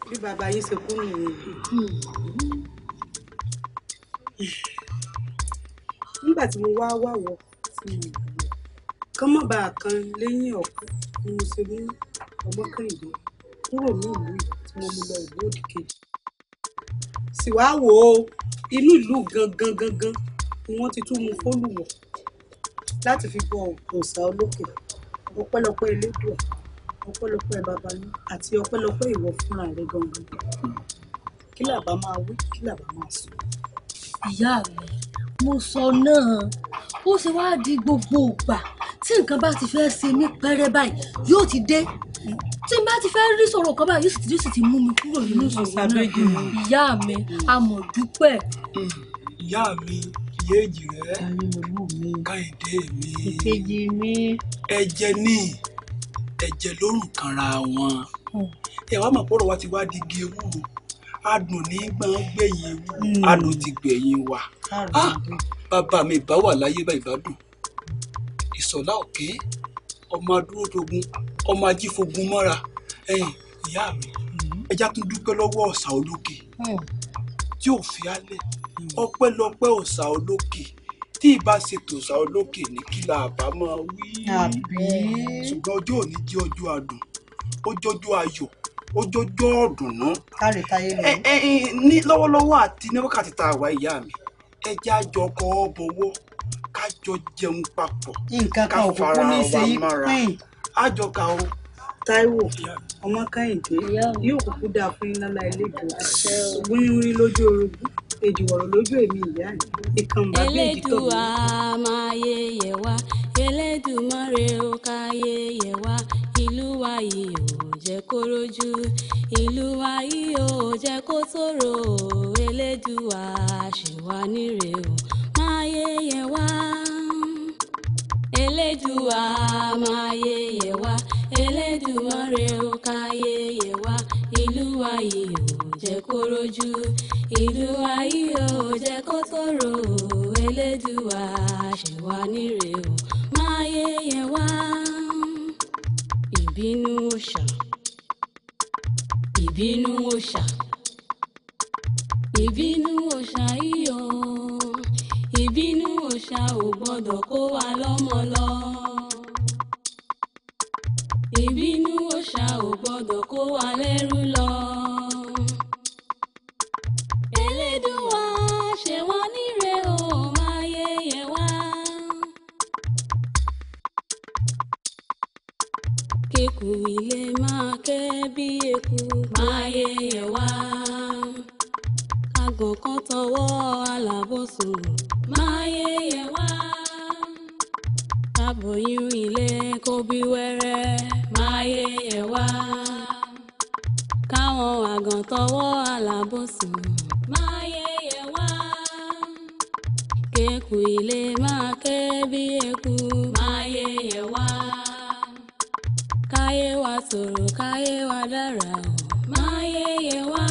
bí bàbá yín ṣe kú nìyẹn nígbà tí mo wá wà wọ kán mọ̀ bá a kan lẹ́yìn ọ̀kan ni mo ṣe mú ọmọkànìdé kúrò nílùú yìí tí mo mú lọ ìlú òdì kejì sì wá wò ó inú ìlú gangan gangan ni wọ́n ti tún mú fólùwọ̀ láti fi bọ òòṣà olókè ọpẹ́lọpẹ́ elédùn ọpẹ́lọpẹ́ babalú àti ọpẹ́lọpẹ́ ìwọ fúnra rẹ gangan kí làbá máa wí kí làbá máa sọ. ìyá mi mo sọ náà ó ṣe wá di gbogbo ìgbà tí nǹkan bá ti fẹ́ ṣe mí pẹ́rẹ́ báyìí yóò ti dé tí n bá ti fẹ́ rí sọ̀rọ̀ kan báyìí yóò sì ti mú mi kúrò nínú ìṣòro náà ìyá mi a mọ̀ dúpẹ́. ìyá mi ìyéèjì rẹ káyọ̀dé mi ìkejì mi ẹ̀jẹ̀ ní ẹ̀jẹ̀ wọn ẹ wàá mọ̀ pọ̀rọ̀ wa ti wá di igi adùn ní gbọ̀ngbẹ̀yìn ewu hmm. adùn ti gbẹ̀yìn wa ah, bàbá mi bá wà láyé bá ìbádùn ìsọ̀lá òkè ọmọ adúródogun ọmọ ajífogun mọ́ra ẹ̀yìn ìyá mi hmm. ẹja tún dúpẹ́ lọ́wọ́ ọ̀sà olókè hmm. tí ò fi álẹ̀ ọpẹ́lọpẹ́ ọ̀sà olókè tí ìbá ṣe tòṣà olókè ní kí la bá máa wí ṣùgbọ́n ọjọ́ òní jẹ́ ọjọ́ adùn ó jọjọ́ ayọ̀ ọjọ́jọ́ ọ̀dùnnú. káre táyé lọ. ẹ ẹ ní lọ́wọ́lọ́wọ́ iya ní wákàtí tá a wà mi ẹja jọ kọ́ ọ bọ̀wọ́ ká jọ jẹun papọ̀ ká fara wa mara. á jọ o. Taiwo, ọmọ Kẹ́hìndé yóò kúkú dáa fún iná láìlédè wíníwíní lójú orogún. èjì wọ̀rọ̀ lójú èmi ìyá ẹ̀ ìkan bá bí èjì tó mi. elédùà yẹ wá elédùmarè ó ká yẹ wá ìlú wa yìí ò jẹ́ kó rojú ìlú wa yìí ò jẹ́ kó tòrò elédùà ṣì nírè o máa yé yẹ wá. Elédùà ma yẹ̀yẹ̀ wá Elédùmarè ó ká yẹ̀yẹ̀ wá ìlú wa yìí ò jẹ́ kó rojú ìlú wa yìí ò jẹ́ kó o máa yẹ̀yẹ̀ ìbínú òòṣà ìbínú òòṣà ìbínú òòṣà yìí ìbínú òòṣà ò gbọ́dọ̀ kó wa lọ́mọ lọ. ìbínú òòṣà ò gbọ́dọ̀ kó wa lẹ́rú lọ. Elédùwà ṣe wá níre o máa yẹ̀yẹ́ wá. kéku ilé máa kẹ́ bí eku máa yẹ̀yẹ́ wá àgàn kan tọwọ́ alábòsùn máa yẹ̀yẹ̀ wá. aboyún ilé kó bí wẹ́rẹ́ máa yẹ̀yẹ̀ wá. káwọn àgàn tọwọ́ alábòsùn máa yẹ̀yẹ̀ wá. kéku ilé máa ké bí eku máa yẹ̀yẹ̀ wá. káyé wa sọ̀rọ̀ káyé wa dára o máa yẹ̀yẹ̀ wá.